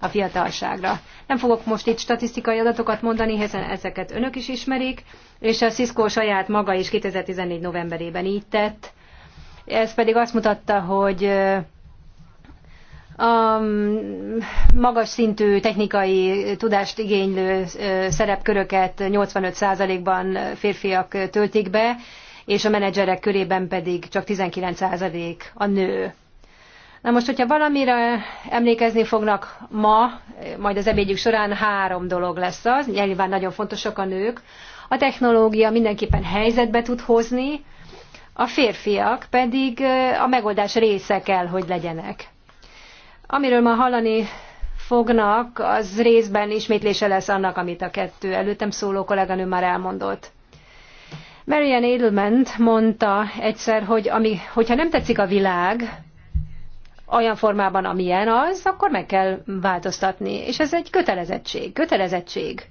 a fiatalságra. Nem fogok most itt statisztikai adatokat mondani, hiszen ezeket önök is ismerik, és a Cisco saját maga is 2014 novemberében így tett. Ez pedig azt mutatta, hogy a magas szintű technikai tudást igénylő szerepköröket 85%-ban férfiak töltik be, és a menedzserek körében pedig csak 19% a nő. Na most, hogyha valamire emlékezni fognak ma, majd az ebédjük során három dolog lesz az, nyilván nagyon fontosak a nők. A technológia mindenképpen helyzetbe tud hozni, a férfiak pedig a megoldás része kell, hogy legyenek. Amiről ma hallani fognak, az részben ismétlése lesz annak, amit a kettő előttem szóló kolléganő már elmondott. Marian Edelman mondta egyszer, hogy ami, hogyha nem tetszik a világ, olyan formában, amilyen az, akkor meg kell változtatni. És ez egy kötelezettség. Kötelezettség,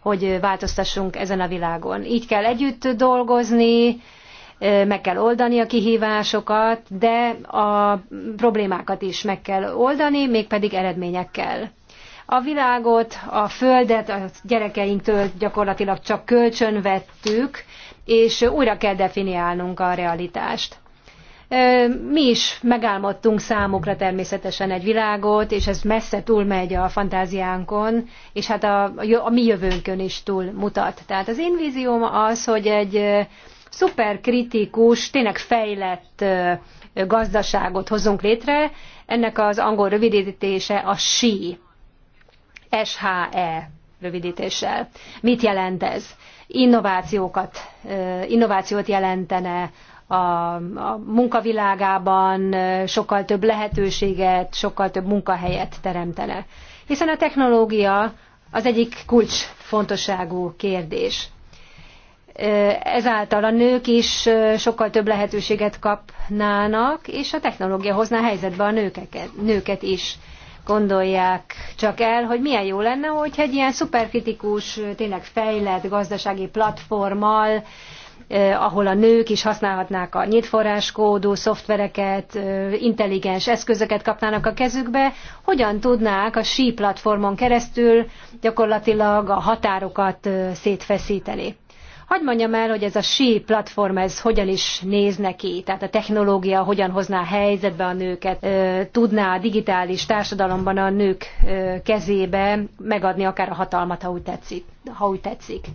hogy változtassunk ezen a világon. Így kell együtt dolgozni, meg kell oldani a kihívásokat, de a problémákat is meg kell oldani, mégpedig eredményekkel. A világot, a földet a gyerekeinktől gyakorlatilag csak kölcsön vettük, és újra kell definiálnunk a realitást. Mi is megálmodtunk számukra természetesen egy világot, és ez messze túlmegy a fantáziánkon, és hát a, a mi jövőnkön is túl mutat. Tehát az én vízióm az, hogy egy szuperkritikus, tényleg fejlett gazdaságot hozunk létre. Ennek az angol rövidítése a SHE, S-H-E rövidítéssel. Mit jelent ez? innovációkat, innovációt jelentene a, a munkavilágában, sokkal több lehetőséget, sokkal több munkahelyet teremtene. Hiszen a technológia az egyik kulcsfontosságú kérdés. Ezáltal a nők is sokkal több lehetőséget kapnának, és a technológia hozná helyzetbe a nőkeket, nőket is gondolják csak el, hogy milyen jó lenne, hogy egy ilyen szuperkritikus, tényleg fejlett gazdasági platformmal, eh, ahol a nők is használhatnák a nyílt forráskódú szoftvereket, eh, intelligens eszközöket kapnának a kezükbe, hogyan tudnák a sí platformon keresztül gyakorlatilag a határokat eh, szétfeszíteni. Hagy mondjam el, hogy ez a sí platform, ez hogyan is néz neki, tehát a technológia hogyan hozná helyzetbe a nőket, tudná a digitális társadalomban a nők kezébe megadni akár a hatalmat, ha úgy tetszik. Ha úgy tetszik.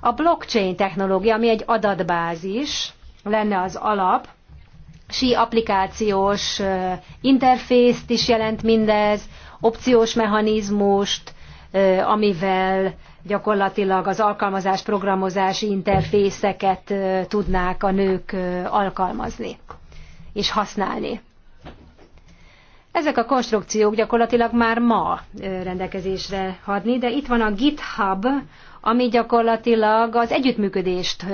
A blockchain technológia, ami egy adatbázis, lenne az alap, sí applikációs interfészt is jelent mindez, opciós mechanizmust, amivel gyakorlatilag az alkalmazás programozási interfészeket tudnák a nők alkalmazni és használni. Ezek a konstrukciók gyakorlatilag már ma rendelkezésre hadni, de itt van a GitHub, ami gyakorlatilag az együttműködést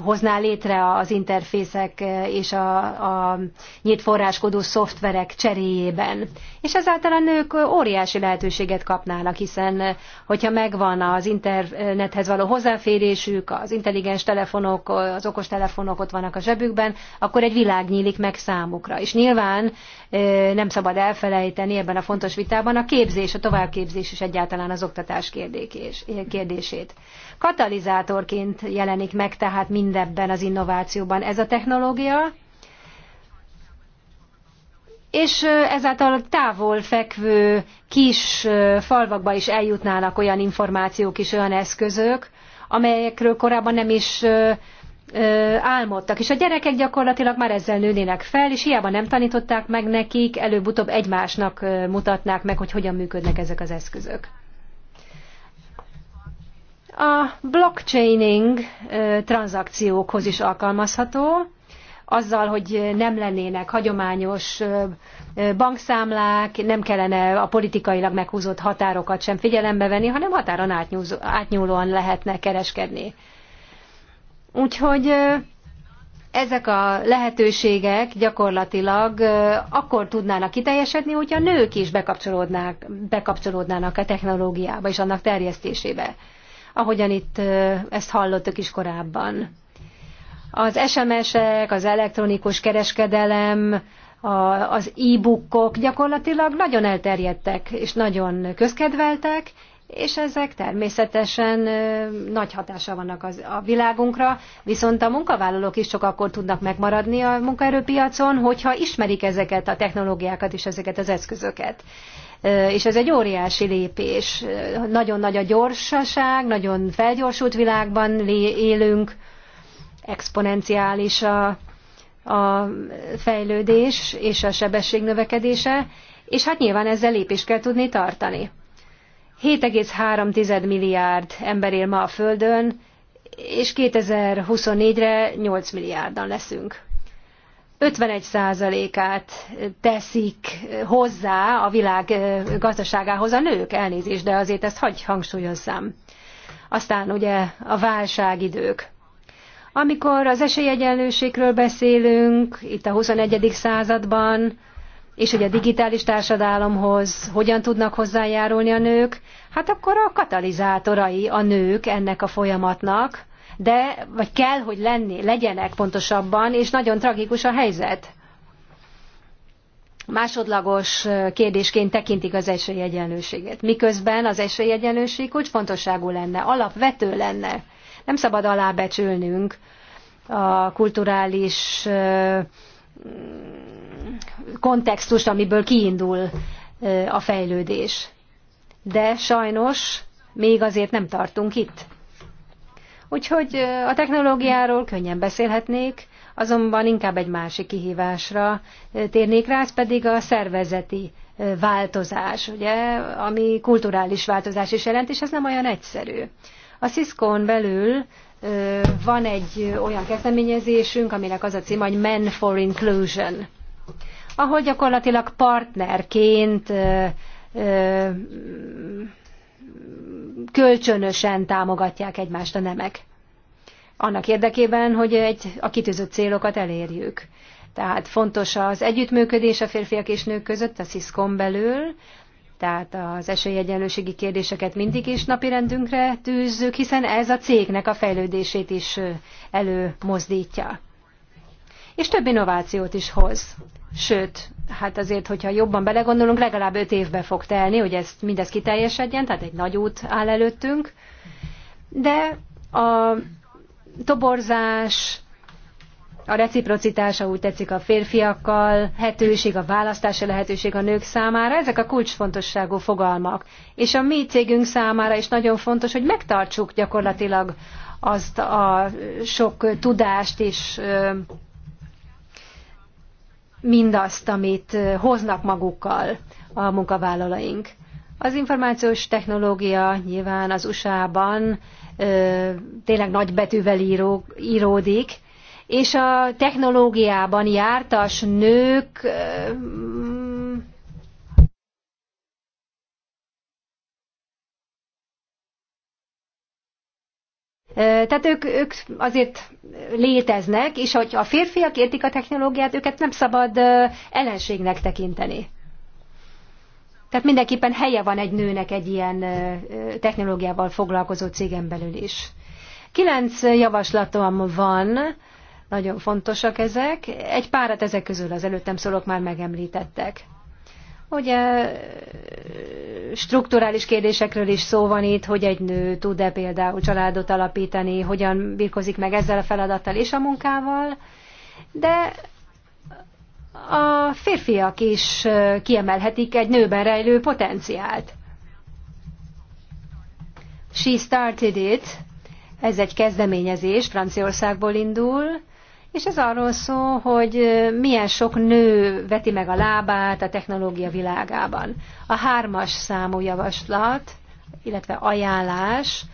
hozná létre az interfészek és a, a nyílt forráskodó szoftverek cseréjében. És ezáltal a nők óriási lehetőséget kapnának, hiszen hogyha megvan az internethez való hozzáférésük, az intelligens telefonok, az okos telefonok ott vannak a zsebükben, akkor egy világ nyílik meg számukra. És nyilván nem szabad elfelejteni ebben a fontos vitában a képzés, a továbbképzés és egyáltalán az oktatás kérdését Katalizátorként jelenik meg tehát mindebben az innovációban ez a technológia, és ezáltal távol fekvő kis falvakba is eljutnának olyan információk és olyan eszközök, amelyekről korábban nem is álmodtak. És a gyerekek gyakorlatilag már ezzel nőnének fel, és hiába nem tanították meg nekik, előbb-utóbb egymásnak mutatnák meg, hogy hogyan működnek ezek az eszközök. A blockchaining tranzakciókhoz is alkalmazható, azzal, hogy nem lennének hagyományos bankszámlák, nem kellene a politikailag meghúzott határokat sem figyelembe venni, hanem határon átnyúlóan lehetne kereskedni. Úgyhogy ezek a lehetőségek gyakorlatilag akkor tudnának kiteljesedni, hogyha a nők is bekapcsolódnának, bekapcsolódnának a technológiába és annak terjesztésébe ahogyan itt ezt hallottuk is korábban. Az SMS-ek, az elektronikus kereskedelem, az e-bookok gyakorlatilag nagyon elterjedtek és nagyon közkedveltek, és ezek természetesen nagy hatása vannak az, a világunkra, viszont a munkavállalók is csak akkor tudnak megmaradni a munkaerőpiacon, hogyha ismerik ezeket a technológiákat és ezeket az eszközöket és ez egy óriási lépés. Nagyon nagy a gyorsaság, nagyon felgyorsult világban élünk, exponenciális a, a fejlődés és a sebesség növekedése, és hát nyilván ezzel lépést kell tudni tartani. 7,3 milliárd ember él ma a Földön, és 2024-re 8 milliárdan leszünk. 51%-át teszik hozzá a világ gazdaságához a nők, elnézést, de azért ezt hagy hangsúlyozzam. Aztán ugye a válságidők. Amikor az esélyegyenlőségről beszélünk, itt a 21. században, és hogy a digitális társadalomhoz hogyan tudnak hozzájárulni a nők, hát akkor a katalizátorai a nők ennek a folyamatnak, de, vagy kell, hogy lenni, legyenek pontosabban, és nagyon tragikus a helyzet. Másodlagos kérdésként tekintik az esélyegyenlőséget. Miközben az esélyegyenlőség kulcsfontosságú lenne, alapvető lenne. Nem szabad alábecsülnünk a kulturális kontextust, amiből kiindul a fejlődés. De sajnos még azért nem tartunk itt. Úgyhogy a technológiáról könnyen beszélhetnék, azonban inkább egy másik kihívásra térnék rá, ez pedig a szervezeti változás, ugye, ami kulturális változás is jelent, és ez nem olyan egyszerű. A Cisco-n belül van egy olyan kezdeményezésünk, aminek az a cím, hogy Men for Inclusion, ahol gyakorlatilag partnerként kölcsönösen támogatják egymást a nemek. Annak érdekében, hogy egy, a kitűzött célokat elérjük. Tehát fontos az együttműködés a férfiak és nők között, a sziszkon belül, tehát az esélyegyenlőségi kérdéseket mindig is napirendünkre tűzzük, hiszen ez a cégnek a fejlődését is előmozdítja. És több innovációt is hoz. Sőt, hát azért, hogyha jobban belegondolunk, legalább öt évbe fog telni, hogy ezt mindez kiteljesedjen, tehát egy nagy út áll előttünk. De a toborzás, a reciprocitása úgy tetszik a férfiakkal, lehetőség, a választási lehetőség a nők számára, ezek a kulcsfontosságú fogalmak. És a mi cégünk számára is nagyon fontos, hogy megtartsuk gyakorlatilag azt a sok tudást és mindazt, amit hoznak magukkal a munkavállalóink. Az információs technológia nyilván az USA-ban tényleg nagy betűvel író, íródik, és a technológiában jártas nők Tehát ők, ők azért léteznek, és hogyha a férfiak értik a technológiát, őket nem szabad ellenségnek tekinteni. Tehát mindenképpen helye van egy nőnek egy ilyen technológiával foglalkozó cégen belül is. Kilenc javaslatom van, nagyon fontosak ezek. Egy párat ezek közül az előttem szólók már megemlítettek. Ugye strukturális kérdésekről is szó van itt, hogy egy nő tud-e például családot alapítani, hogyan birkozik meg ezzel a feladattal és a munkával, de a férfiak is kiemelhetik egy nőben rejlő potenciált. She started it, ez egy kezdeményezés, Franciaországból indul, és ez arról szól, hogy milyen sok nő veti meg a lábát a technológia világában. A hármas számú javaslat, illetve ajánlás,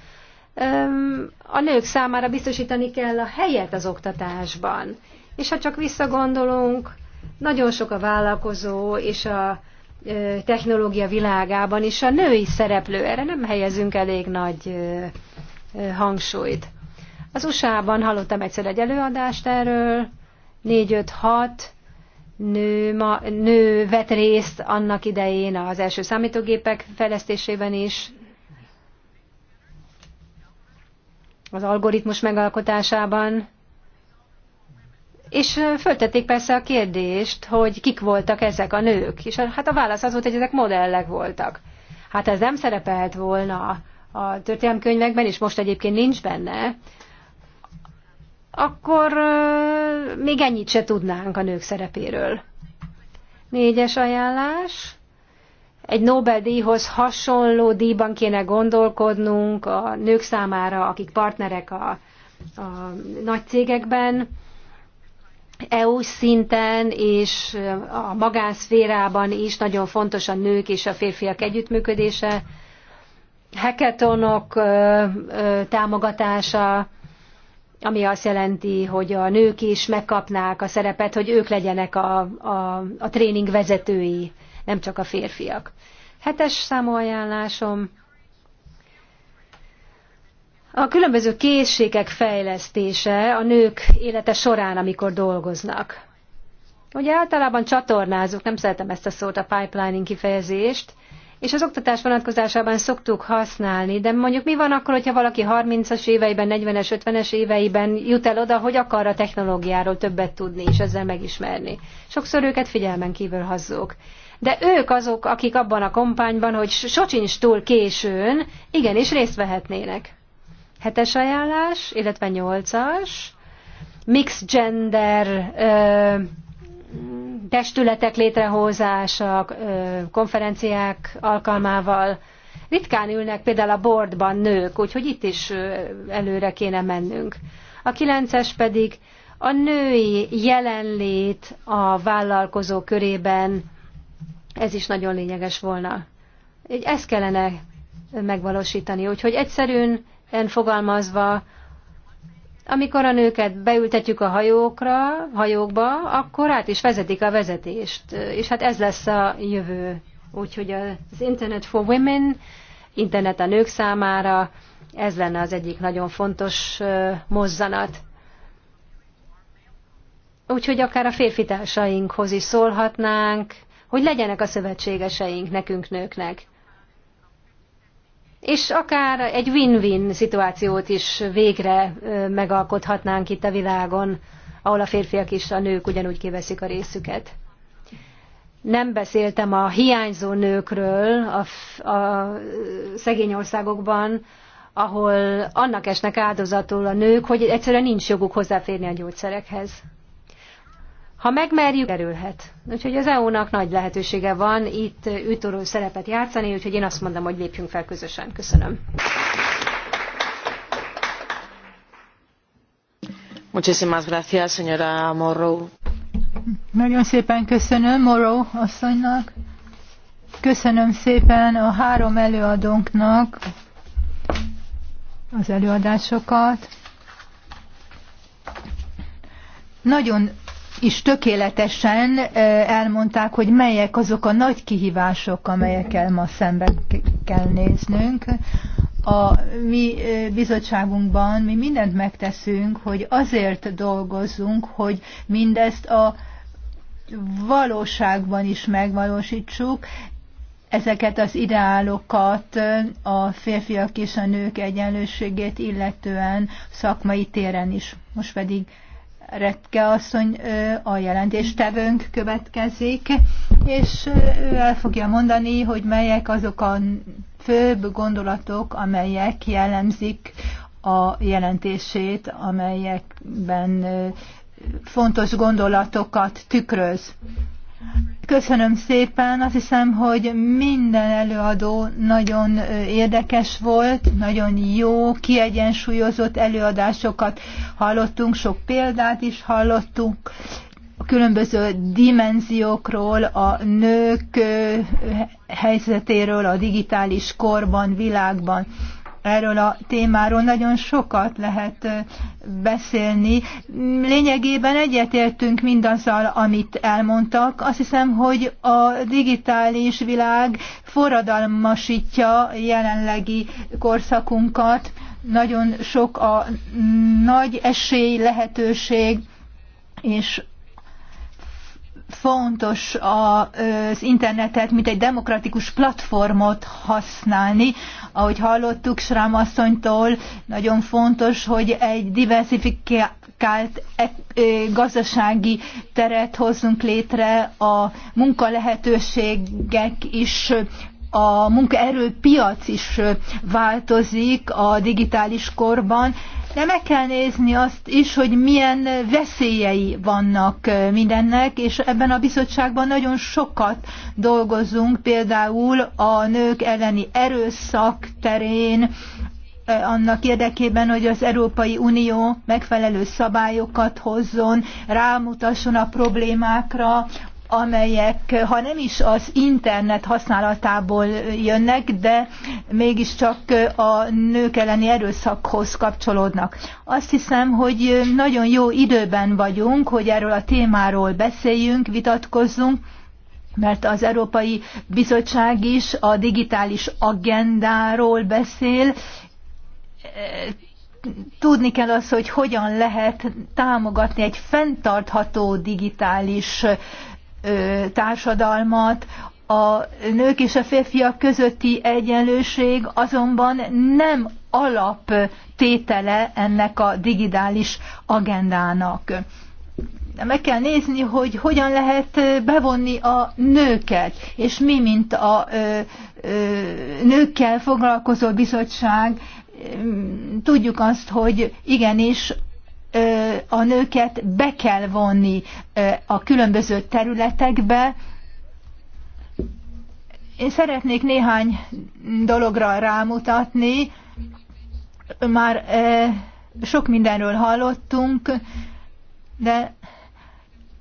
a nők számára biztosítani kell a helyet az oktatásban. És ha csak visszagondolunk, nagyon sok a vállalkozó és a technológia világában is a női szereplő. Erre nem helyezünk elég nagy hangsúlyt. Az USA-ban hallottam egyszer egy előadást erről, 4-5-6 nő, nő vett részt annak idején az első számítógépek fejlesztésében is, az algoritmus megalkotásában. És föltették persze a kérdést, hogy kik voltak ezek a nők. És hát a válasz az volt, hogy ezek modellek voltak. Hát ez nem szerepelt volna a történelmkönyvekben, és most egyébként nincs benne, akkor még ennyit se tudnánk a nők szerepéről. Négyes ajánlás. Egy Nobel-díjhoz hasonló díjban kéne gondolkodnunk a nők számára, akik partnerek a, a nagy cégekben, EU szinten és a magánszférában is nagyon fontos a nők és a férfiak együttműködése, heketonok támogatása, ami azt jelenti, hogy a nők is megkapnák a szerepet, hogy ők legyenek a, a, a tréning vezetői, nem csak a férfiak. Hetes számú ajánlásom. A különböző készségek fejlesztése a nők élete során, amikor dolgoznak. Ugye általában csatornázunk, nem szeretem ezt a szót, a pipelining kifejezést, és az oktatás vonatkozásában szoktuk használni, de mondjuk mi van akkor, hogyha valaki 30-as éveiben, 40-es, 50-es éveiben jut el oda, hogy akar a technológiáról többet tudni és ezzel megismerni. Sokszor őket figyelmen kívül hazzuk. De ők azok, akik abban a kompányban, hogy socsincs túl későn, igenis részt vehetnének. Hetes ajánlás, illetve nyolcas, mixed gender ö, testületek létrehozása, konferenciák alkalmával. Ritkán ülnek például a boardban nők, úgyhogy itt is előre kéne mennünk. A kilences pedig a női jelenlét a vállalkozó körében, ez is nagyon lényeges volna. Ezt kellene megvalósítani, úgyhogy egyszerűen fogalmazva amikor a nőket beültetjük a hajókra, hajókba, akkor át is vezetik a vezetést, és hát ez lesz a jövő. Úgyhogy az Internet for Women, internet a nők számára, ez lenne az egyik nagyon fontos mozzanat. Úgyhogy akár a férfi társainkhoz is szólhatnánk, hogy legyenek a szövetségeseink nekünk nőknek és akár egy win-win szituációt is végre megalkothatnánk itt a világon, ahol a férfiak és a nők ugyanúgy kiveszik a részüket. Nem beszéltem a hiányzó nőkről a, a szegény országokban, ahol annak esnek áldozatul a nők, hogy egyszerűen nincs joguk hozzáférni a gyógyszerekhez. Ha megmerjük, kerülhet. Úgyhogy az EU-nak nagy lehetősége van itt ütörő szerepet játszani, úgyhogy én azt mondom, hogy lépjünk fel közösen. Köszönöm. Muchísimas gracias, señora Morrow. Nagyon szépen köszönöm Morrow asszonynak. Köszönöm szépen a három előadónknak az előadásokat. Nagyon is tökéletesen elmondták, hogy melyek azok a nagy kihívások, amelyekkel ma szembe kell néznünk. A mi bizottságunkban mi mindent megteszünk, hogy azért dolgozzunk, hogy mindezt a valóságban is megvalósítsuk, ezeket az ideálokat a férfiak és a nők egyenlőségét illetően szakmai téren is. Most pedig Retke asszony a jelentéstevőnk következik, és ő el fogja mondani, hogy melyek azok a főbb gondolatok, amelyek jellemzik a jelentését, amelyekben fontos gondolatokat tükröz. Köszönöm szépen, azt hiszem, hogy minden előadó nagyon érdekes volt, nagyon jó, kiegyensúlyozott előadásokat hallottunk, sok példát is hallottunk a különböző dimenziókról, a nők helyzetéről a digitális korban, világban erről a témáról nagyon sokat lehet beszélni. Lényegében egyetértünk mindazzal, amit elmondtak. Azt hiszem, hogy a digitális világ forradalmasítja jelenlegi korszakunkat. Nagyon sok a nagy esély, lehetőség, és fontos az internetet, mint egy demokratikus platformot használni. Ahogy hallottuk Srám asszonytól, nagyon fontos, hogy egy diversifikált e, e, gazdasági teret hozzunk létre, a munkalehetőségek is a munkaerőpiac is változik a digitális korban, de meg kell nézni azt is, hogy milyen veszélyei vannak mindennek, és ebben a bizottságban nagyon sokat dolgozunk, például a nők elleni erőszak terén, annak érdekében, hogy az Európai Unió megfelelő szabályokat hozzon, rámutasson a problémákra, amelyek, ha nem is az internet használatából jönnek, de mégiscsak a nők elleni erőszakhoz kapcsolódnak. Azt hiszem, hogy nagyon jó időben vagyunk, hogy erről a témáról beszéljünk, vitatkozzunk, mert az Európai Bizottság is a digitális agendáról beszél, tudni kell az, hogy hogyan lehet támogatni egy fenntartható digitális társadalmat, a nők és a férfiak közötti egyenlőség azonban nem alaptétele ennek a digitális agendának. Meg kell nézni, hogy hogyan lehet bevonni a nőket, és mi, mint a ö, ö, nőkkel foglalkozó bizottság, tudjuk azt, hogy igenis a nőket be kell vonni a különböző területekbe. Én szeretnék néhány dologra rámutatni. Már sok mindenről hallottunk, de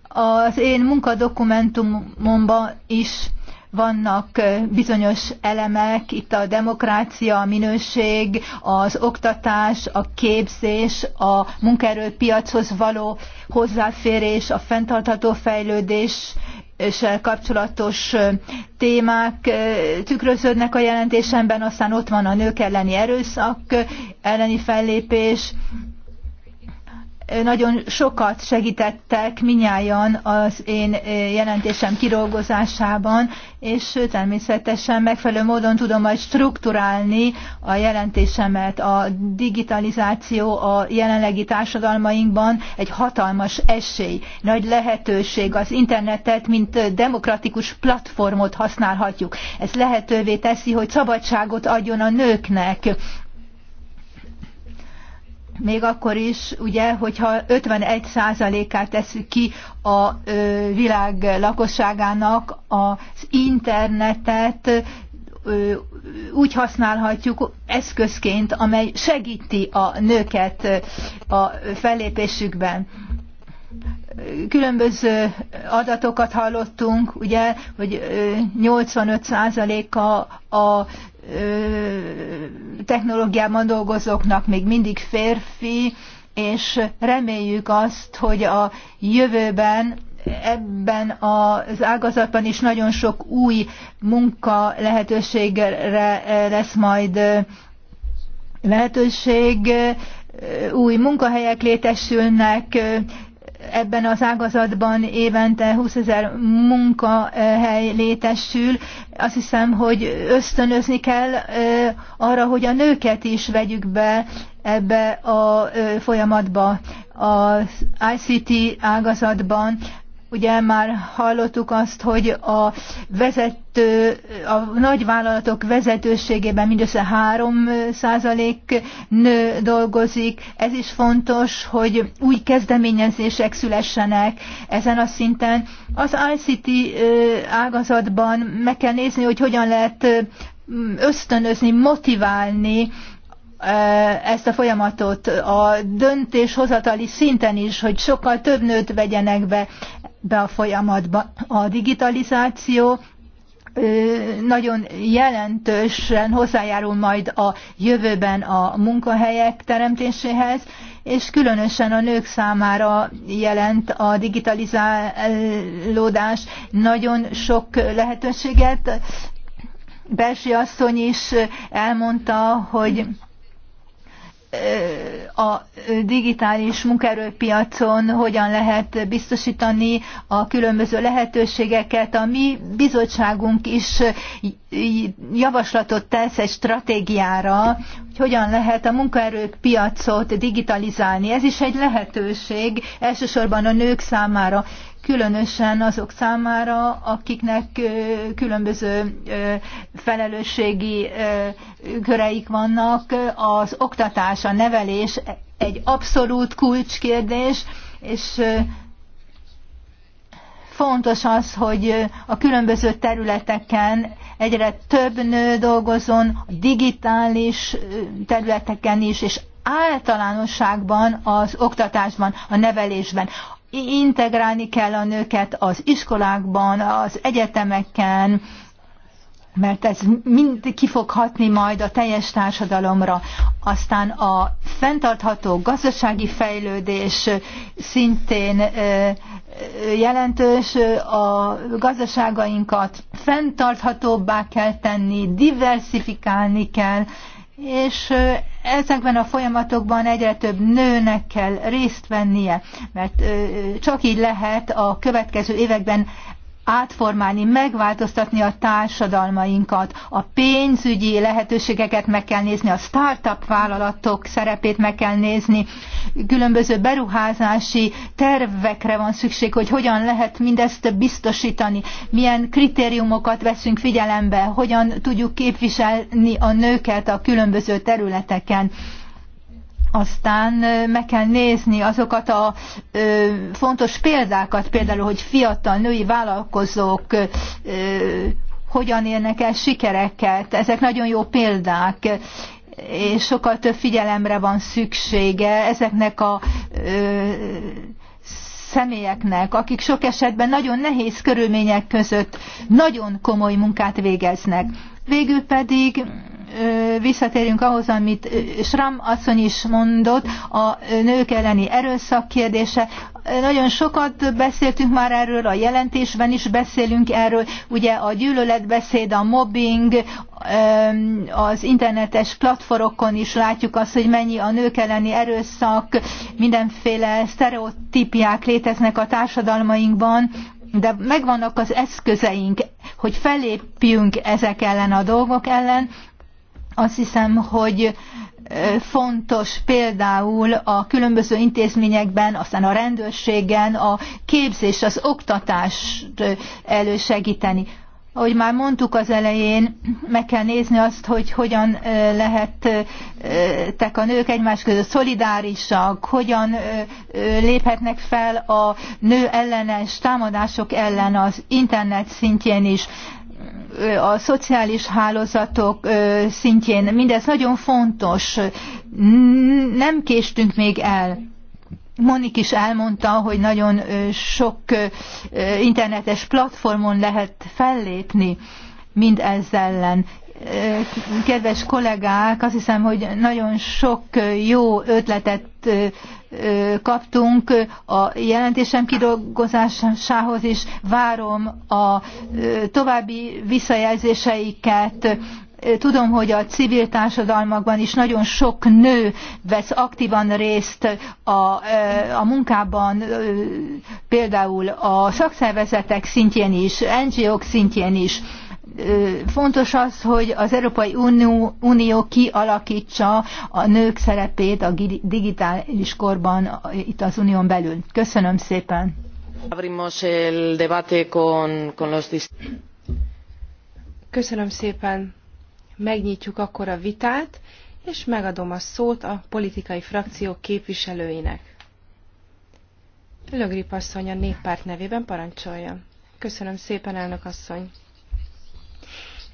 az én munkadokumentumomban is vannak bizonyos elemek, itt a demokrácia, a minőség, az oktatás, a képzés, a munkaerőpiachoz való hozzáférés, a fenntartható fejlődés, és kapcsolatos témák tükröződnek a jelentésemben, aztán ott van a nők elleni erőszak elleni fellépés, nagyon sokat segítettek minnyáján az én eh, jelentésem kidolgozásában, és természetesen megfelelő módon tudom majd strukturálni a jelentésemet. A digitalizáció a jelenlegi társadalmainkban egy hatalmas esély, nagy lehetőség. Az internetet, mint demokratikus platformot használhatjuk. Ez lehetővé teszi, hogy szabadságot adjon a nőknek, még akkor is, ugye, hogyha 51%-át tesszük ki a ö, világ lakosságának, az internetet ö, úgy használhatjuk eszközként, amely segíti a nőket a fellépésükben különböző adatokat hallottunk, ugye, hogy 85%-a a technológiában dolgozóknak még mindig férfi, és reméljük azt, hogy a jövőben ebben az ágazatban is nagyon sok új munka lehetőségre lesz majd lehetőség, új munkahelyek létesülnek, ebben az ágazatban évente 20 ezer munkahely létesül. Azt hiszem, hogy ösztönözni kell arra, hogy a nőket is vegyük be ebbe a folyamatba. Az ICT ágazatban Ugye már hallottuk azt, hogy a vezető, a nagyvállalatok vezetőségében mindössze 3 százalék nő dolgozik. Ez is fontos, hogy új kezdeményezések szülessenek ezen a szinten. Az ICT ágazatban meg kell nézni, hogy hogyan lehet ösztönözni, motiválni ezt a folyamatot a döntéshozatali szinten is, hogy sokkal több nőt vegyenek be, be a folyamatba. A digitalizáció nagyon jelentősen hozzájárul majd a jövőben a munkahelyek teremtéséhez, és különösen a nők számára jelent a digitalizálódás nagyon sok lehetőséget. Belsi asszony is elmondta, hogy a digitális munkaerőpiacon hogyan lehet biztosítani a különböző lehetőségeket. A mi bizottságunk is javaslatot tesz egy stratégiára, hogy hogyan lehet a munkaerőpiacot digitalizálni. Ez is egy lehetőség elsősorban a nők számára különösen azok számára, akiknek különböző felelősségi köreik vannak. Az oktatás, a nevelés egy abszolút kulcskérdés, és fontos az, hogy a különböző területeken egyre több nő dolgozon, a digitális területeken is, és általánosságban az oktatásban, a nevelésben integrálni kell a nőket az iskolákban, az egyetemeken, mert ez mind kifoghatni majd a teljes társadalomra. Aztán a fenntartható gazdasági fejlődés szintén jelentős, a gazdaságainkat fenntarthatóbbá kell tenni, diversifikálni kell, és ezekben a folyamatokban egyre több nőnek kell részt vennie, mert csak így lehet a következő években átformálni, megváltoztatni a társadalmainkat. A pénzügyi lehetőségeket meg kell nézni, a startup vállalatok szerepét meg kell nézni, különböző beruházási tervekre van szükség, hogy hogyan lehet mindezt biztosítani, milyen kritériumokat veszünk figyelembe, hogyan tudjuk képviselni a nőket a különböző területeken aztán meg kell nézni azokat a ö, fontos példákat, például, hogy fiatal női vállalkozók ö, hogyan érnek el sikereket. Ezek nagyon jó példák, és sokkal több figyelemre van szüksége ezeknek a ö, személyeknek, akik sok esetben nagyon nehéz körülmények között nagyon komoly munkát végeznek. Végül pedig visszatérjünk ahhoz, amit Sram asszony is mondott, a nők elleni erőszak kérdése. Nagyon sokat beszéltünk már erről, a jelentésben is beszélünk erről. Ugye a gyűlöletbeszéd, a mobbing, az internetes platformokon is látjuk azt, hogy mennyi a nők elleni erőszak, mindenféle sztereotípiák léteznek a társadalmainkban, de megvannak az eszközeink, hogy fellépjünk ezek ellen a dolgok ellen, azt hiszem, hogy fontos például a különböző intézményekben, aztán a rendőrségen a képzés, az oktatást elősegíteni. Ahogy már mondtuk az elején, meg kell nézni azt, hogy hogyan lehettek a nők egymás között szolidárisak, hogyan léphetnek fel a nő ellenes támadások ellen az internet szintjén is a szociális hálózatok szintjén. Mindez nagyon fontos. Nem késtünk még el. Monik is elmondta, hogy nagyon sok internetes platformon lehet fellépni mind ezzel ellen kedves kollégák, azt hiszem, hogy nagyon sok jó ötletet kaptunk a jelentésem kidolgozásához is. Várom a további visszajelzéseiket. Tudom, hogy a civil társadalmakban is nagyon sok nő vesz aktívan részt a, a munkában, például a szakszervezetek szintjén is, NGO-k szintjén is fontos az, hogy az Európai Unió, Unió kialakítsa a nők szerepét a digitális korban itt az unión belül. Köszönöm szépen. Köszönöm szépen. Megnyitjuk akkor a vitát, és megadom a szót a politikai frakciók képviselőinek. Lögrip asszony a néppárt nevében parancsolja. Köszönöm szépen, elnök asszony.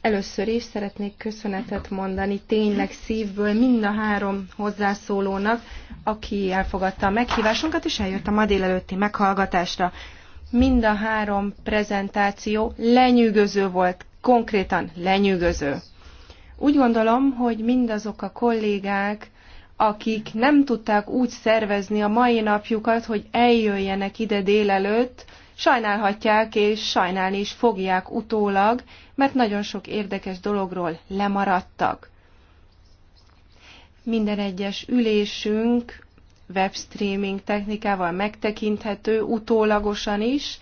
Először is szeretnék köszönetet mondani tényleg szívből mind a három hozzászólónak, aki elfogadta a meghívásunkat, és eljött a ma délelőtti meghallgatásra. Mind a három prezentáció lenyűgöző volt, konkrétan lenyűgöző. Úgy gondolom, hogy mindazok a kollégák, akik nem tudták úgy szervezni a mai napjukat, hogy eljöjjenek ide délelőtt, sajnálhatják és sajnálni is fogják utólag, mert nagyon sok érdekes dologról lemaradtak. Minden egyes ülésünk webstreaming technikával megtekinthető, utólagosan is,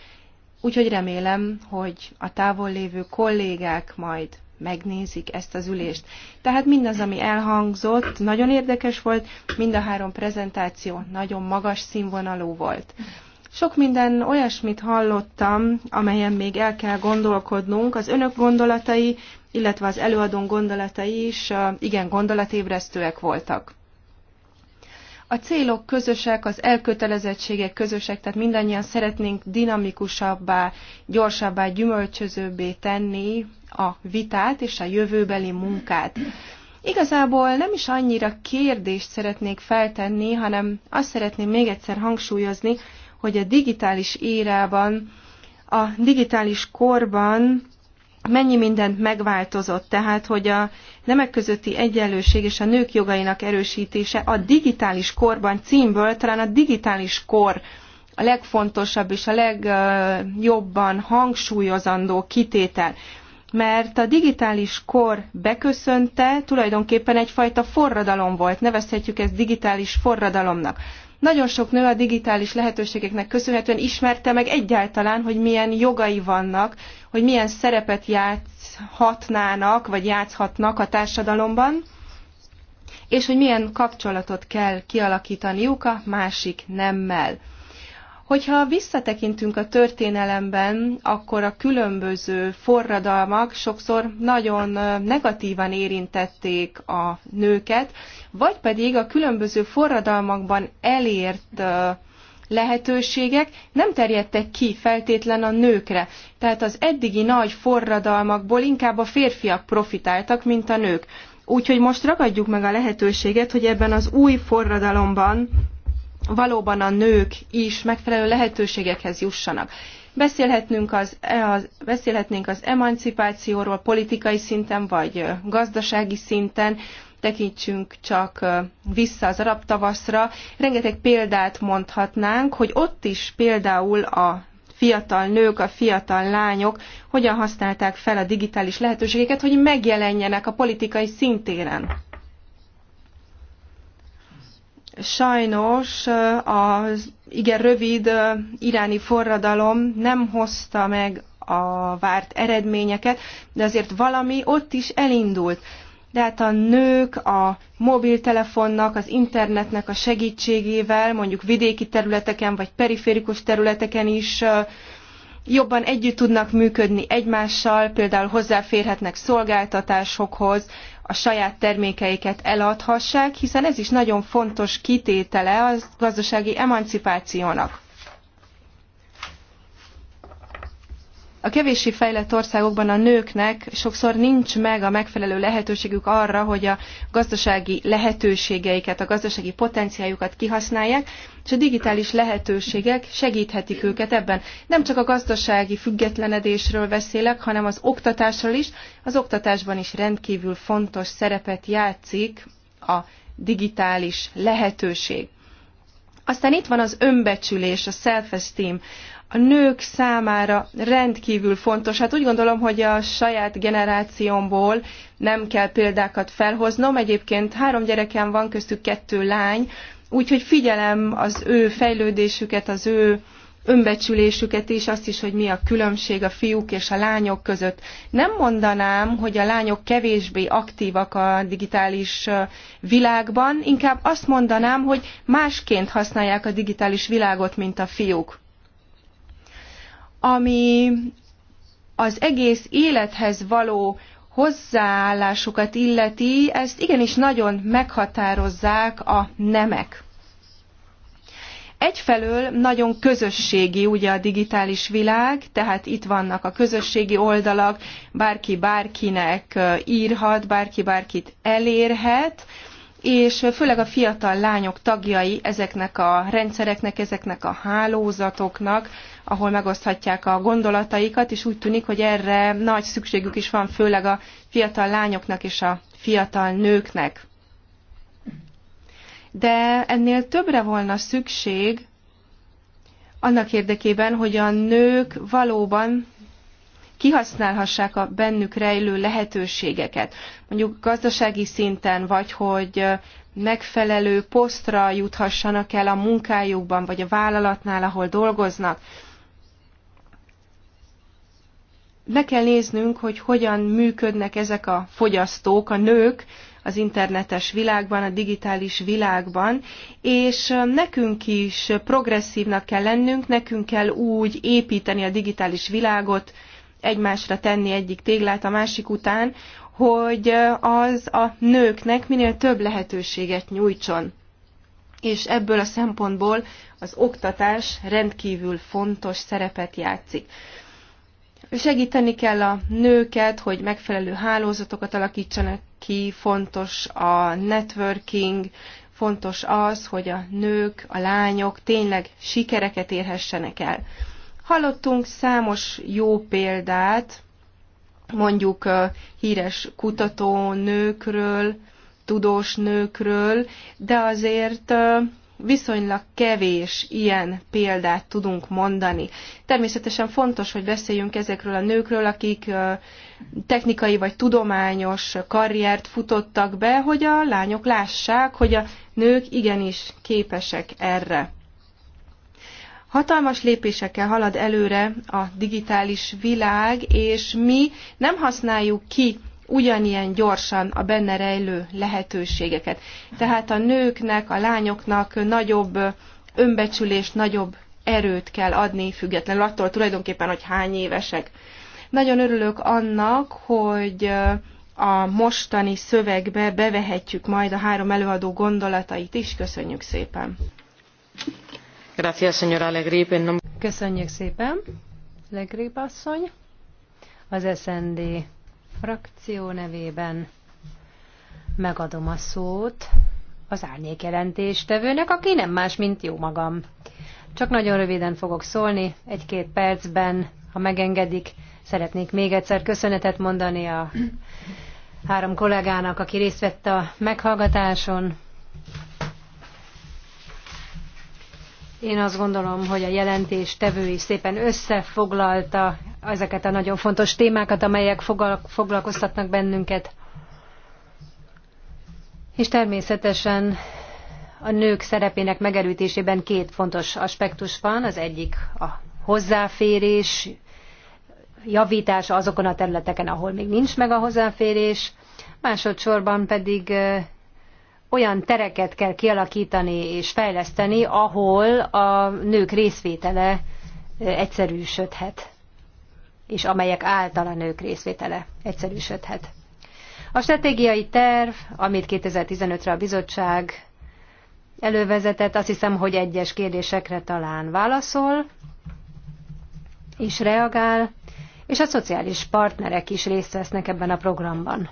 úgyhogy remélem, hogy a távol lévő kollégák majd megnézik ezt az ülést. Tehát mindaz, ami elhangzott, nagyon érdekes volt, mind a három prezentáció nagyon magas színvonalú volt. Sok minden olyasmit hallottam, amelyen még el kell gondolkodnunk. Az önök gondolatai, illetve az előadón gondolatai is igen gondolatébresztőek voltak. A célok közösek, az elkötelezettségek közösek, tehát mindannyian szeretnénk dinamikusabbá, gyorsabbá, gyümölcsözőbbé tenni a vitát és a jövőbeli munkát. Igazából nem is annyira kérdést szeretnék feltenni, hanem azt szeretném még egyszer hangsúlyozni, hogy a digitális érában, a digitális korban mennyi mindent megváltozott, tehát hogy a nemek közötti egyenlőség és a nők jogainak erősítése a digitális korban címből, talán a digitális kor a legfontosabb és a legjobban hangsúlyozandó kitétel. Mert a digitális kor beköszönte tulajdonképpen egyfajta forradalom volt, nevezhetjük ezt digitális forradalomnak. Nagyon sok nő a digitális lehetőségeknek köszönhetően ismerte meg egyáltalán, hogy milyen jogai vannak, hogy milyen szerepet játszhatnának, vagy játszhatnak a társadalomban, és hogy milyen kapcsolatot kell kialakítaniuk a másik nemmel. Hogyha visszatekintünk a történelemben, akkor a különböző forradalmak sokszor nagyon negatívan érintették a nőket, vagy pedig a különböző forradalmakban elért lehetőségek nem terjedtek ki feltétlen a nőkre. Tehát az eddigi nagy forradalmakból inkább a férfiak profitáltak, mint a nők. Úgyhogy most ragadjuk meg a lehetőséget, hogy ebben az új forradalomban valóban a nők is megfelelő lehetőségekhez jussanak. Beszélhetnünk az, e- az, beszélhetnénk az emancipációról politikai szinten vagy gazdasági szinten, tekintsünk csak vissza az arab tavaszra. Rengeteg példát mondhatnánk, hogy ott is például a fiatal nők, a fiatal lányok hogyan használták fel a digitális lehetőségeket, hogy megjelenjenek a politikai szintéren. Sajnos az igen rövid iráni forradalom nem hozta meg a várt eredményeket, de azért valami ott is elindult de hát a nők a mobiltelefonnak, az internetnek a segítségével, mondjuk vidéki területeken vagy periférikus területeken is jobban együtt tudnak működni egymással, például hozzáférhetnek szolgáltatásokhoz, a saját termékeiket eladhassák, hiszen ez is nagyon fontos kitétele a gazdasági emancipációnak. A kevéssé fejlett országokban a nőknek sokszor nincs meg a megfelelő lehetőségük arra, hogy a gazdasági lehetőségeiket, a gazdasági potenciáljukat kihasználják, és a digitális lehetőségek segíthetik őket ebben. Nem csak a gazdasági függetlenedésről beszélek, hanem az oktatásról is. Az oktatásban is rendkívül fontos szerepet játszik a digitális lehetőség. Aztán itt van az önbecsülés, a self-esteem, a nők számára rendkívül fontos. Hát úgy gondolom, hogy a saját generációmból nem kell példákat felhoznom. Egyébként három gyerekem van, köztük kettő lány, úgyhogy figyelem az ő fejlődésüket, az ő önbecsülésüket is, azt is, hogy mi a különbség a fiúk és a lányok között. Nem mondanám, hogy a lányok kevésbé aktívak a digitális világban, inkább azt mondanám, hogy másként használják a digitális világot, mint a fiúk ami az egész élethez való hozzáállásukat illeti, ezt igenis nagyon meghatározzák a nemek. Egyfelől nagyon közösségi ugye a digitális világ, tehát itt vannak a közösségi oldalak, bárki bárkinek írhat, bárki bárkit elérhet, és főleg a fiatal lányok tagjai ezeknek a rendszereknek, ezeknek a hálózatoknak, ahol megoszthatják a gondolataikat, és úgy tűnik, hogy erre nagy szükségük is van, főleg a fiatal lányoknak és a fiatal nőknek. De ennél többre volna szükség annak érdekében, hogy a nők valóban kihasználhassák a bennük rejlő lehetőségeket, mondjuk gazdasági szinten, vagy hogy megfelelő posztra juthassanak el a munkájukban, vagy a vállalatnál, ahol dolgoznak meg kell néznünk, hogy hogyan működnek ezek a fogyasztók, a nők az internetes világban, a digitális világban, és nekünk is progresszívnak kell lennünk, nekünk kell úgy építeni a digitális világot, egymásra tenni egyik téglát a másik után, hogy az a nőknek minél több lehetőséget nyújtson. És ebből a szempontból az oktatás rendkívül fontos szerepet játszik. Segíteni kell a nőket, hogy megfelelő hálózatokat alakítsanak ki, fontos a networking, fontos az, hogy a nők, a lányok tényleg sikereket érhessenek el. Hallottunk számos jó példát, mondjuk híres kutató nőkről, tudós nőkről, de azért viszonylag kevés ilyen példát tudunk mondani. Természetesen fontos, hogy beszéljünk ezekről a nőkről, akik technikai vagy tudományos karriert futottak be, hogy a lányok lássák, hogy a nők igenis képesek erre. Hatalmas lépésekkel halad előre a digitális világ, és mi nem használjuk ki ugyanilyen gyorsan a benne rejlő lehetőségeket. Tehát a nőknek, a lányoknak nagyobb önbecsülést, nagyobb erőt kell adni, függetlenül attól tulajdonképpen, hogy hány évesek. Nagyon örülök annak, hogy a mostani szövegbe bevehetjük majd a három előadó gondolatait is. Köszönjük szépen! Köszönjük szépen, Legrip asszony! Az SND frakció nevében megadom a szót az árnyékjelentéstevőnek, aki nem más, mint jó magam. Csak nagyon röviden fogok szólni, egy-két percben, ha megengedik, szeretnék még egyszer köszönetet mondani a három kollégának, aki részt vett a meghallgatáson, én azt gondolom, hogy a jelentés tevői szépen összefoglalta ezeket a nagyon fontos témákat, amelyek foglalkoztatnak bennünket. És természetesen a nők szerepének megerőtésében két fontos aspektus van. Az egyik a hozzáférés, javítása azokon a területeken, ahol még nincs meg a hozzáférés, másodszorban pedig olyan tereket kell kialakítani és fejleszteni, ahol a nők részvétele egyszerűsödhet, és amelyek által a nők részvétele egyszerűsödhet. A stratégiai terv, amit 2015-re a bizottság elővezetett, azt hiszem, hogy egyes kérdésekre talán válaszol, és reagál, és a szociális partnerek is részt vesznek ebben a programban.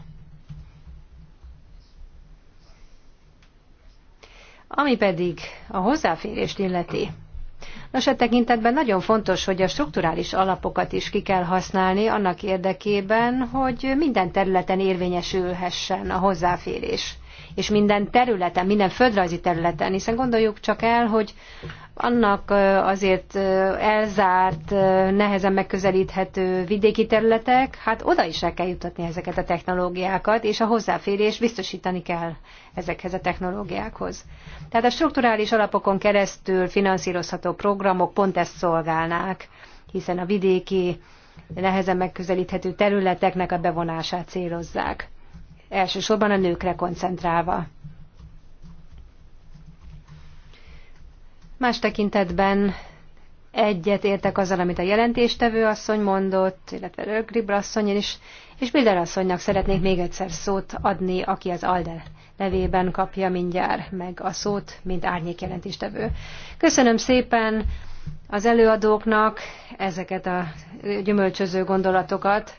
Ami pedig a hozzáférést illeti. Nos, e tekintetben nagyon fontos, hogy a strukturális alapokat is ki kell használni annak érdekében, hogy minden területen érvényesülhessen a hozzáférés és minden területen, minden földrajzi területen, hiszen gondoljuk csak el, hogy annak azért elzárt, nehezen megközelíthető vidéki területek, hát oda is el kell jutatni ezeket a technológiákat, és a hozzáférés biztosítani kell ezekhez a technológiákhoz. Tehát a strukturális alapokon keresztül finanszírozható programok pont ezt szolgálnák, hiszen a vidéki nehezen megközelíthető területeknek a bevonását célozzák elsősorban a nőkre koncentrálva. Más tekintetben egyet értek azzal, amit a jelentéstevő asszony mondott, illetve Rögribra asszony is, és Bilder asszonynak szeretnék még egyszer szót adni, aki az Alde nevében kapja mindjárt meg a szót, mint árnyék jelentéstevő. Köszönöm szépen az előadóknak ezeket a gyümölcsöző gondolatokat.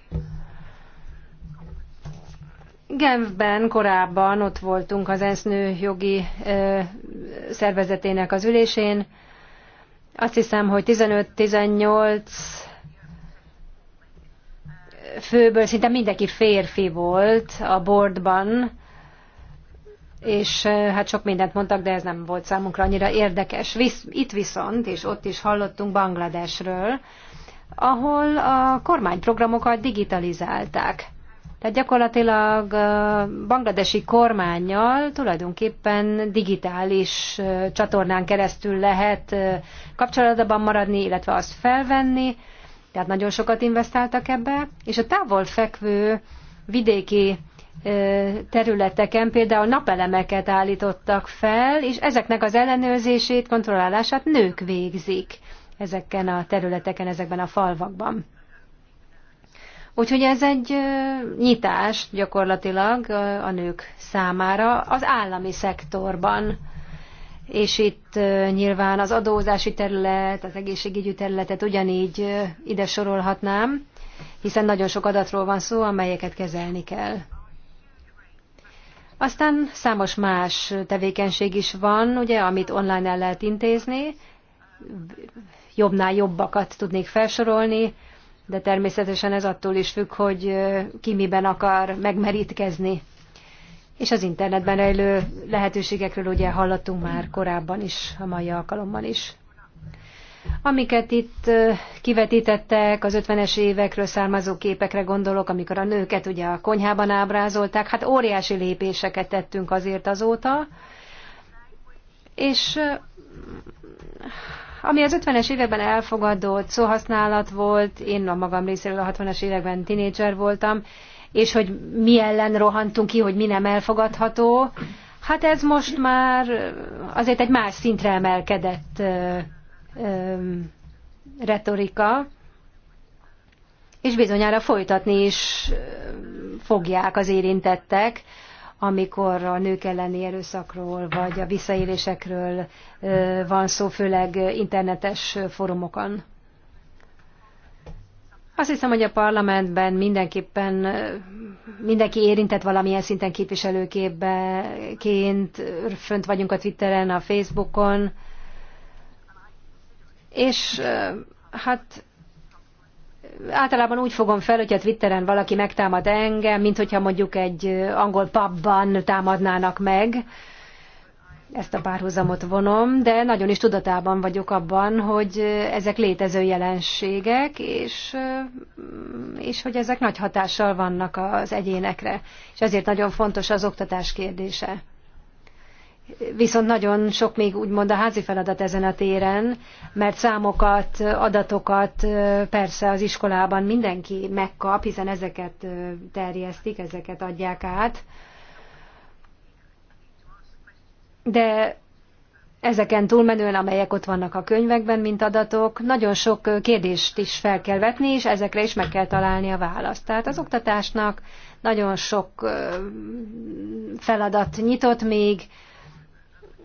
Genfben korábban ott voltunk az ENSZ jogi szervezetének az ülésén. Azt hiszem, hogy 15-18 főből szinte mindenki férfi volt a boardban, és hát sok mindent mondtak, de ez nem volt számunkra annyira érdekes. Itt viszont, és ott is hallottunk Bangladesről, ahol a kormányprogramokat digitalizálták tehát gyakorlatilag bangladesi kormányjal tulajdonképpen digitális csatornán keresztül lehet kapcsolatban maradni, illetve azt felvenni. Tehát nagyon sokat investáltak ebbe, és a távol fekvő vidéki területeken például napelemeket állítottak fel, és ezeknek az ellenőrzését, kontrollálását nők végzik ezeken a területeken, ezekben a falvakban. Úgyhogy ez egy nyitás gyakorlatilag a nők számára az állami szektorban. És itt nyilván az adózási terület, az egészségügyi területet ugyanígy ide sorolhatnám, hiszen nagyon sok adatról van szó, amelyeket kezelni kell. Aztán számos más tevékenység is van, ugye, amit online el lehet intézni, jobbnál jobbakat tudnék felsorolni, de természetesen ez attól is függ, hogy ki miben akar megmerítkezni. És az internetben rejlő lehetőségekről ugye hallottunk már korábban is, a mai alkalommal is. Amiket itt kivetítettek, az 50-es évekről származó képekre gondolok, amikor a nőket ugye a konyhában ábrázolták, hát óriási lépéseket tettünk azért azóta, és ami az 50-es években elfogadott szóhasználat volt, én a magam részéről a 60-as években tinédzser voltam, és hogy mi ellen rohantunk ki, hogy mi nem elfogadható, hát ez most már azért egy más szintre emelkedett ö, ö, retorika, és bizonyára folytatni is fogják az érintettek, amikor a nők elleni erőszakról vagy a visszaélésekről van szó, főleg internetes fórumokon. Azt hiszem, hogy a parlamentben mindenképpen mindenki érintett valamilyen szinten képviselőként, fönt vagyunk a Twitteren, a Facebookon, és hát általában úgy fogom fel, hogyha Twitteren valaki megtámad engem, mint hogyha mondjuk egy angol pubban támadnának meg. Ezt a párhuzamot vonom, de nagyon is tudatában vagyok abban, hogy ezek létező jelenségek, és, és hogy ezek nagy hatással vannak az egyénekre. És ezért nagyon fontos az oktatás kérdése. Viszont nagyon sok még úgymond a házi feladat ezen a téren, mert számokat, adatokat persze az iskolában mindenki megkap, hiszen ezeket terjesztik, ezeket adják át. De ezeken túlmenően, amelyek ott vannak a könyvekben, mint adatok, nagyon sok kérdést is fel kell vetni, és ezekre is meg kell találni a választ. Tehát az oktatásnak nagyon sok feladat nyitott még,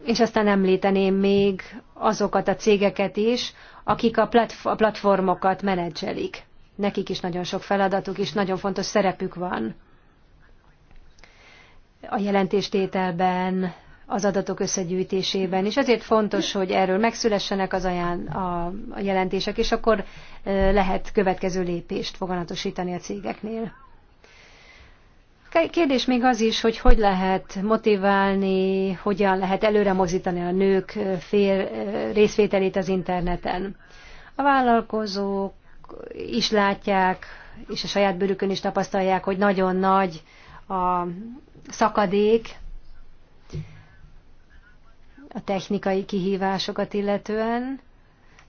és aztán említeném még azokat a cégeket is, akik a, platformokat menedzselik. Nekik is nagyon sok feladatuk és nagyon fontos szerepük van a jelentéstételben, az adatok összegyűjtésében, és ezért fontos, hogy erről megszülessenek az aján, a, a jelentések, és akkor lehet következő lépést foganatosítani a cégeknél. Kérdés még az is, hogy hogy lehet motiválni, hogyan lehet előre mozítani a nők fél részvételét az interneten. A vállalkozók is látják, és a saját bőrükön is tapasztalják, hogy nagyon nagy a szakadék a technikai kihívásokat illetően,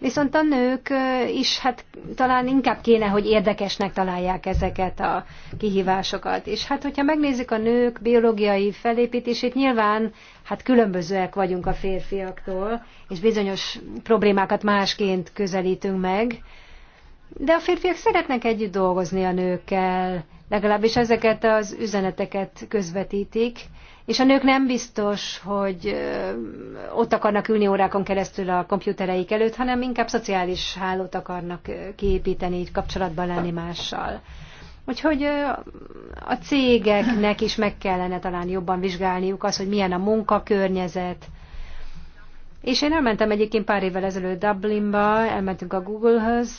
Viszont a nők is hát talán inkább kéne, hogy érdekesnek találják ezeket a kihívásokat. És hát, hogyha megnézzük a nők biológiai felépítését, nyilván hát különbözőek vagyunk a férfiaktól, és bizonyos problémákat másként közelítünk meg. De a férfiak szeretnek együtt dolgozni a nőkkel, legalábbis ezeket az üzeneteket közvetítik, és a nők nem biztos, hogy ott akarnak ülni órákon keresztül a komputereik előtt, hanem inkább szociális hálót akarnak kiépíteni, így kapcsolatban lenni mással. Úgyhogy a cégeknek is meg kellene talán jobban vizsgálniuk az, hogy milyen a munkakörnyezet. És én elmentem egyébként pár évvel ezelőtt Dublinba, elmentünk a Google-höz,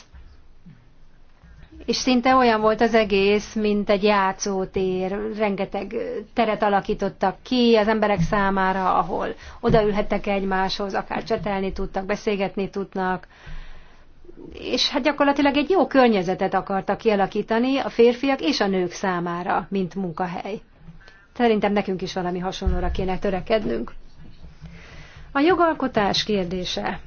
és szinte olyan volt az egész, mint egy játszótér. Rengeteg teret alakítottak ki az emberek számára, ahol odaülhettek egymáshoz, akár csetelni tudtak, beszélgetni tudnak. És hát gyakorlatilag egy jó környezetet akartak kialakítani a férfiak és a nők számára, mint munkahely. Szerintem nekünk is valami hasonlóra kéne törekednünk. A jogalkotás kérdése.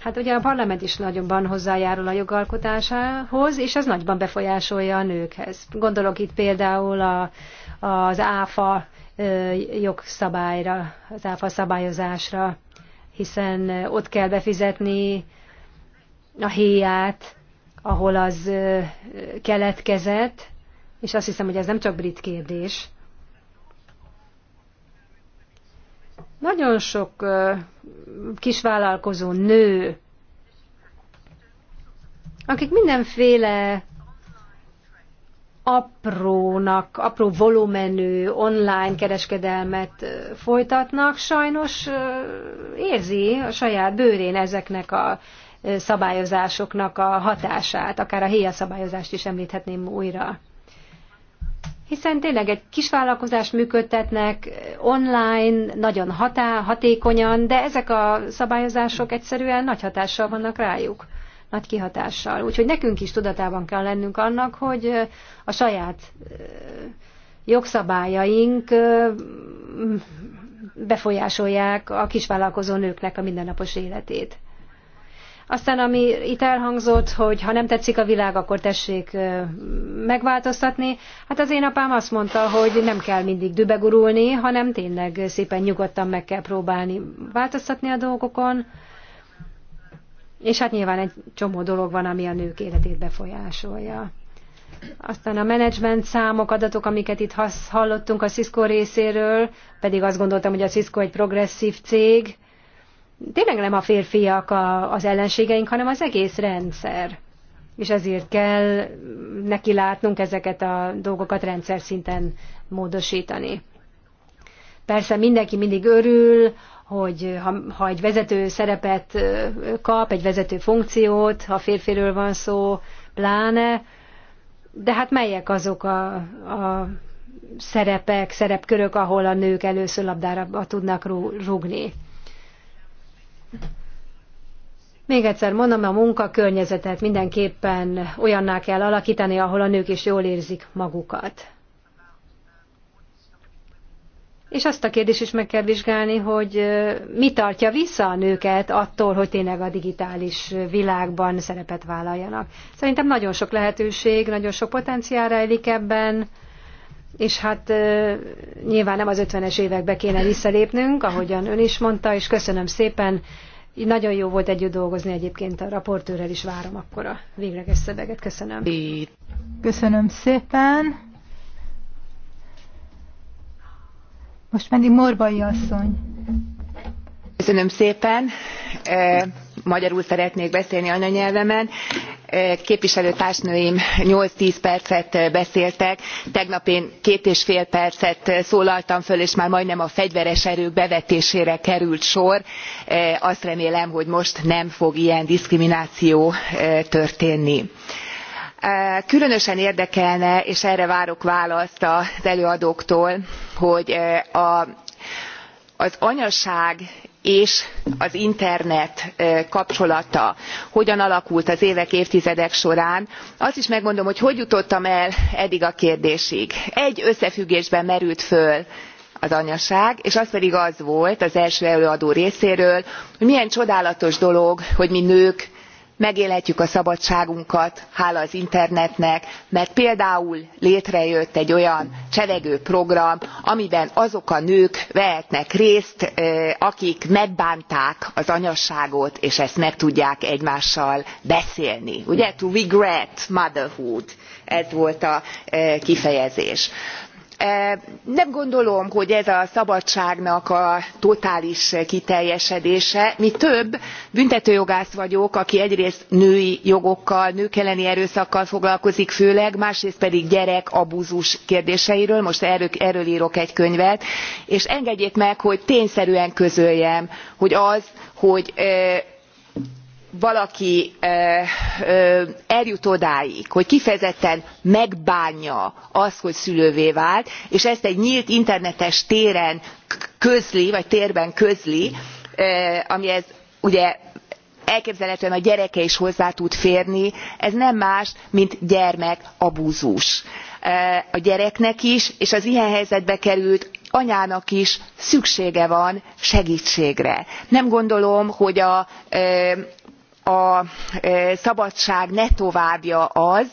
Hát ugye a parlament is nagyobban hozzájárul a jogalkotásához, és ez nagyban befolyásolja a nőkhez. Gondolok itt például a, az áfa jogszabályra, az áfa szabályozásra, hiszen ott kell befizetni a héját, ahol az keletkezett, és azt hiszem, hogy ez nem csak brit kérdés, Nagyon sok kisvállalkozó nő, akik mindenféle aprónak, apró volumenű online kereskedelmet folytatnak, sajnos érzi a saját bőrén ezeknek a szabályozásoknak a hatását, akár a héja szabályozást is említhetném újra hiszen tényleg egy kisvállalkozást működtetnek eh, online, nagyon hatá, hatékonyan, de ezek a szabályozások egyszerűen nagy hatással vannak rájuk, nagy kihatással. Úgyhogy nekünk is tudatában kell lennünk annak, hogy eh, a saját eh, jogszabályaink befolyásolják a kisvállalkozó nőknek a mindennapos életét. Aztán, ami itt elhangzott, hogy ha nem tetszik a világ, akkor tessék megváltoztatni. Hát az én apám azt mondta, hogy nem kell mindig dübegurulni, hanem tényleg szépen nyugodtan meg kell próbálni változtatni a dolgokon. És hát nyilván egy csomó dolog van, ami a nők életét befolyásolja. Aztán a menedzsment számok, adatok, amiket itt hallottunk a Cisco részéről, pedig azt gondoltam, hogy a Cisco egy progresszív cég, tényleg nem a férfiak a, az ellenségeink, hanem az egész rendszer. És ezért kell neki látnunk ezeket a dolgokat rendszer szinten módosítani. Persze mindenki mindig örül, hogy ha, ha egy vezető szerepet kap, egy vezető funkciót, ha férfiről van szó, pláne, de hát melyek azok a, a szerepek, szerepkörök, ahol a nők először labdára tudnak rúgni. Még egyszer mondom, a munkakörnyezetet mindenképpen olyanná kell alakítani, ahol a nők is jól érzik magukat. És azt a kérdést is meg kell vizsgálni, hogy mi tartja vissza a nőket attól, hogy tényleg a digitális világban szerepet vállaljanak. Szerintem nagyon sok lehetőség, nagyon sok potenciál rejlik ebben és hát nyilván nem az 50-es évekbe kéne visszalépnünk, ahogyan ön is mondta, és köszönöm szépen. Nagyon jó volt együtt dolgozni egyébként a raportőrrel is várom akkor a végleges szöveget. Köszönöm. Köszönöm szépen. Most pedig Morbai asszony. E, magyarul szeretnék beszélni anyanyelvemen e, képviselőtársnőim nyolc tz percet beszéltek tegnap én két és fél percet szólaltam föl és már majdnem a fegyveres erők bevetésére került sor e, azt remélem hogy most nem fog ilyen diszkrimináció történni különösen érdekelne és erre várok választ az előadóktól hogy a az anyaság és az internet kapcsolata hogyan alakult az évek évtizedek során azt is megmondom hogy hogy jutottam el eddig a kérdésig. egy összefüggésben merült föl az anyaság és az pedig az volt az első előadó részéről hogy milyen csodálatos dolog hogy mi nők megélhetjük a szabadságunkat hála az internetnek mert például létrejött egy olyan cselekvő program amiben azok a nők vehetnek részt akik megbánták az anyasságot és ezt meg tudják egymással beszélni ugye to regret motherhood ez volt a kifejezés. E, nem gondolom hogy ez a szabadságnak a totális kiteljesedése mi több büntetőjogász vagyok aki egyrészt női jogokkal nők elleni erőszakkal foglalkozik főleg másrészt pedig gyerekabúzus kérdéseiről most erről rok egy könyvet és engedjék meg hogy tényszerűen közöljem hogy az hogy e, valaki eh, eh, eljut odáig hogy kifejezetten megbánja azt hogy szülővé vált és ezt egy nylt internetes téren közli vagy térben közli eh, amihez ugye elképzelhetően a gyereke is hozzá tud férni ez nem más mint gyermekabúzus. a gyereknek is és az ilyen helyzetbe került anyának is szüksége van segtségre. nem gondolom hogy a a e, szabadság ne továbbja az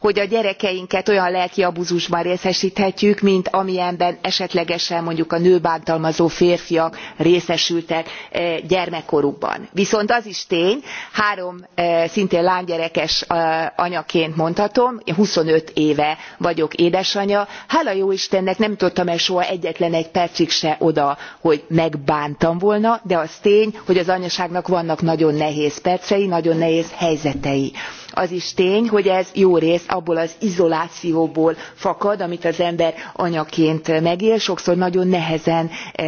hogy a gyerekeinket olyan lelki abúzusban részesthetjük mint amilyenben esetlegesen mondjuk a nőbántalmazó férfiak részesültek eh, gyermekkorukban. viszont az is tény három eh, szintén lánygyerekes eh, anyaként mondhatom twenty five éve vagyok édesanya. hála jó istennek nem jutottam el soha egyetlen egy percig se oda hogy megbántam volna de az tény hogy az anyaságnak vannak nagyon nehéz percei nagyon nehéz helyzetei. az is tény hogy ez jórészt abból az izolációból fakad amit az ember anyaként megél sokszor nagyon nehezen e,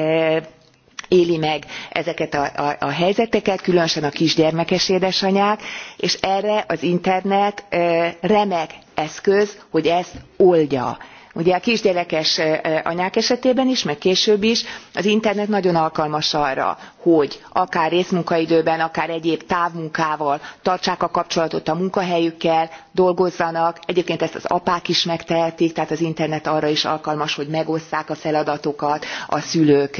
éli meg ezeket a, helyzeteket különösen a kisgyermekes édesanyák és erre az internet e, remek eszköz hogy ezt oldja ugye a kisgyerekes anyák esetében is meg később is az internet nagyon alkalmas arra hogy akár részmunkaidőben akár egyéb távmunkával tartsák a kapcsolatot a munkahelyükkel dolgozzanak egyébként ezt az apák is megtehetik tehát az internet arra is alkalmas hogy megosszák a feladatokat a szülők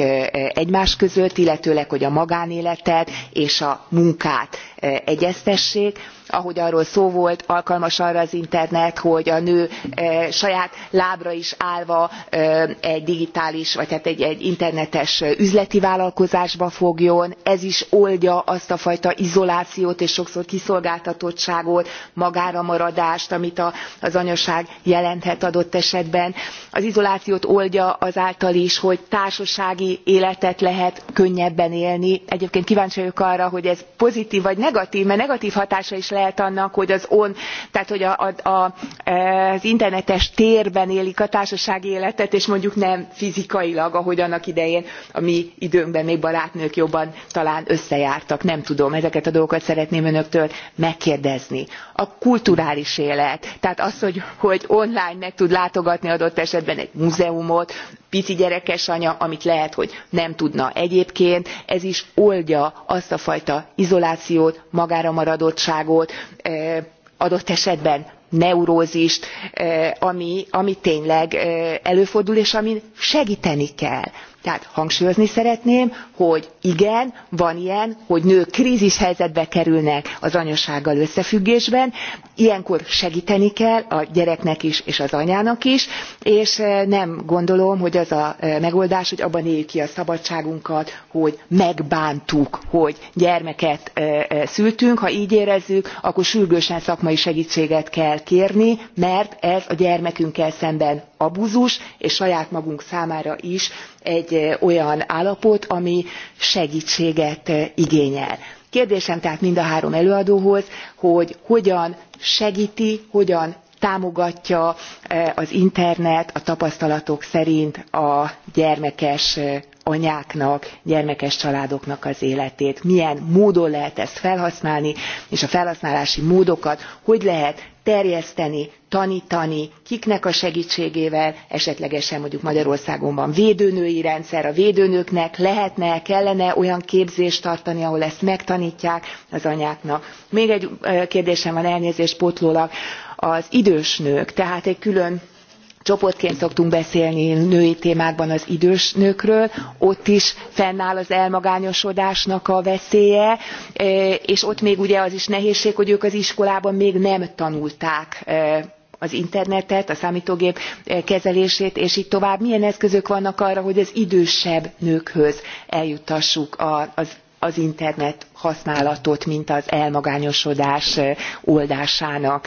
egymás között illetőleg hogy a magánéletet és a munkát egyeztessék ahogy arról szó volt alkalmas arra az internet hogy a nő e, saját lábra is állva e, egy digitális vagy hát egy, internetes üzleti vállalkozásba fogjon ez is oldja azt a fajta izolációt és sokszor kiszolgáltatottságot magára maradást amit az anyaság jelenthet adott esetben. az izolációt oldja azáltal is hogy társasági életet lehet könnyebben élni egyébként kváncsi vagyok arra hogy ez pozitv vagy negatv mert negatv hatása is lehet annak hogy az on tehát hogy a, az internetes térben élik a társasági életet és mondjuk nem fizikailag ahogy annak idején a mi időnkben még barátnők jobban talán összejártak nem tudom ezeket a dolgokat szeretném önöktől megkérdezni. a kulturális élet tehát az hogy, hogy online meg tud látogatni adott esetben egy múzeumot pici gyerekes anya amit lehet hogy nem tudna egyébként ez is oldja azt a fajta izolációt magára maradottságot adott esetben neurózist ami tényleg előfordul és amin segteni kell tehát hangsúlyozni szeretném hogy igen van ilyen hogy nők krzishelyzetbe kerülnek az anyasággal összefüggésben ilyenkor segteni kell a gyereknek is és az anyának is és eh, nem gondolom hogy az a eh, megoldás hogy abban éljük ki a szabadságunkat hogy megbántuk hogy gyermeket eh, szültünk ha gy érezzük akkor sürgősen szakmai segtséget kell kérni mert ez a gyermekünkkel szemben abuzus és saját magunk számára is egy olyan állapot ami segtséget igényel. kérdésem tehát mind a három előadóhoz hogy hogyan segti hogyan támogatja az internet a tapasztalatok szerint a gyermekes anyáknak gyermekes családoknak az életét milyen módon lehet ezt felhasználni és a felhasználási módokat hogy lehet terjeszteni tantani kiknek a segtségével esetlegesen mondjuk magyarországon van védőnői rendszer a védőnőknek lehetne kellene olyan képzést tartani ahol ezt megtantják az anyáknak. még egy kérdésem van elnézést pótlólag az idős nők tehát egy külön csoportként szoktunk beszélni női témákban az idős nőkről ott is fennáll az elmagányosodásnak a veszélye e, és ott még ugye az is nehézség hogy ők az iskolában még nem tanulták e, az internetet a számtógép e, kezelését és gy tovább. milyen eszközök vannak arra hogy az idősebb nőkhöz eljuttassuk az az internet használatot mint az elmagányosodás oldásának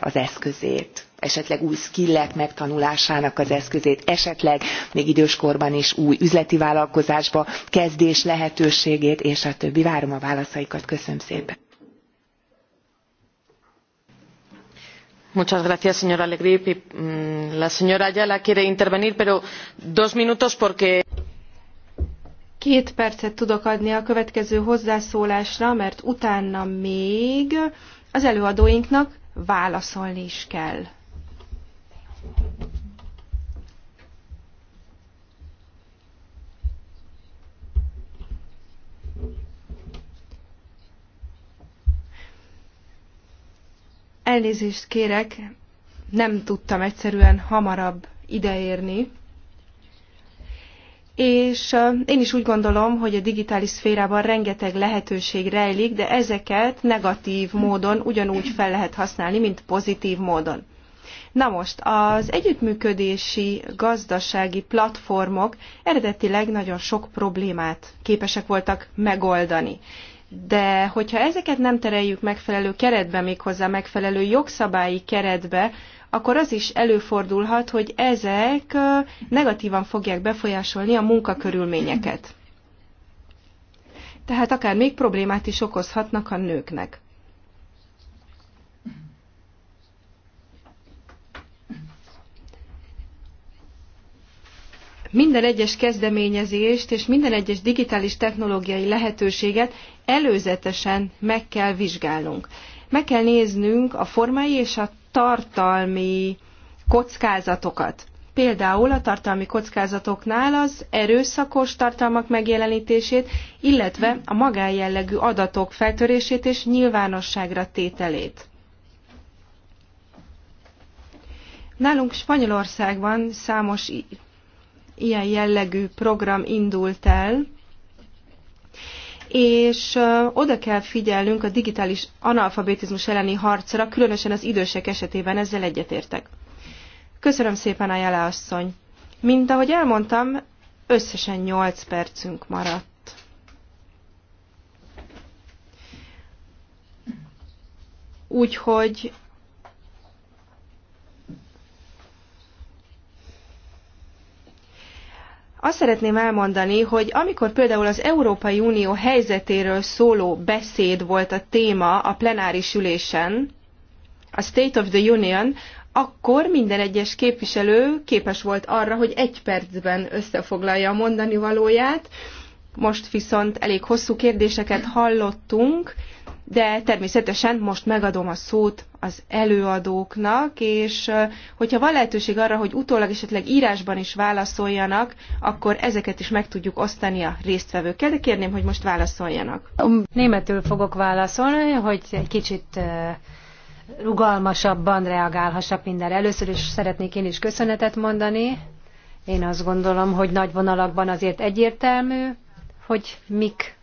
az eszközét? esetleg új skillek megtanulásának az eszközét esetleg még időskorban is új üzleti vállalkozásba kezdés lehetőségét és a többi. várom a válaszaikat köszönöm szépen. Muchas gracias, señora Legrip. Mm, la señora Ayala quiere intervenir, pero dos minutos porque... Két percet tudok adni a következő hozzászólásra, mert utána még az előadóinknak válaszolni is kell. Elnézést kérek, nem tudtam egyszerűen hamarabb ideérni. És én is úgy gondolom, hogy a digitális szférában rengeteg lehetőség rejlik, de ezeket negatív módon ugyanúgy fel lehet használni, mint pozitív módon. Na most, az együttműködési gazdasági platformok eredetileg nagyon sok problémát képesek voltak megoldani de hogyha ezeket nem tereljük megfelelő keretbe, méghozzá megfelelő jogszabályi keretbe, akkor az is előfordulhat, hogy ezek negatívan fogják befolyásolni a munkakörülményeket. Tehát akár még problémát is okozhatnak a nőknek. minden egyes kezdeményezést és minden egyes digitális technológiai lehetőséget előzetesen meg kell vizsgálnunk. Meg kell néznünk a formai és a tartalmi kockázatokat. Például a tartalmi kockázatoknál az erőszakos tartalmak megjelenítését, illetve a magánjellegű adatok feltörését és nyilvánosságra tételét. Nálunk Spanyolországban számos ilyen jellegű program indult el, és oda kell figyelnünk a digitális analfabetizmus elleni harcra, különösen az idősek esetében ezzel egyetértek. Köszönöm szépen, Ajala asszony! Mint ahogy elmondtam, összesen 8 percünk maradt. Úgyhogy Azt szeretném elmondani, hogy amikor például az Európai Unió helyzetéről szóló beszéd volt a téma a plenáris ülésen, a State of the Union, akkor minden egyes képviselő képes volt arra, hogy egy percben összefoglalja a mondani valóját. Most viszont elég hosszú kérdéseket hallottunk, de természetesen most megadom a szót az előadóknak, és hogyha van lehetőség arra, hogy utólag esetleg írásban is válaszoljanak, akkor ezeket is meg tudjuk osztani a résztvevőkkel, de kérném, hogy most válaszoljanak. Németül fogok válaszolni, hogy egy kicsit rugalmasabban reagálhassak mindenre. Először is szeretnék én is köszönetet mondani. Én azt gondolom, hogy nagy vonalakban azért egyértelmű, hogy mik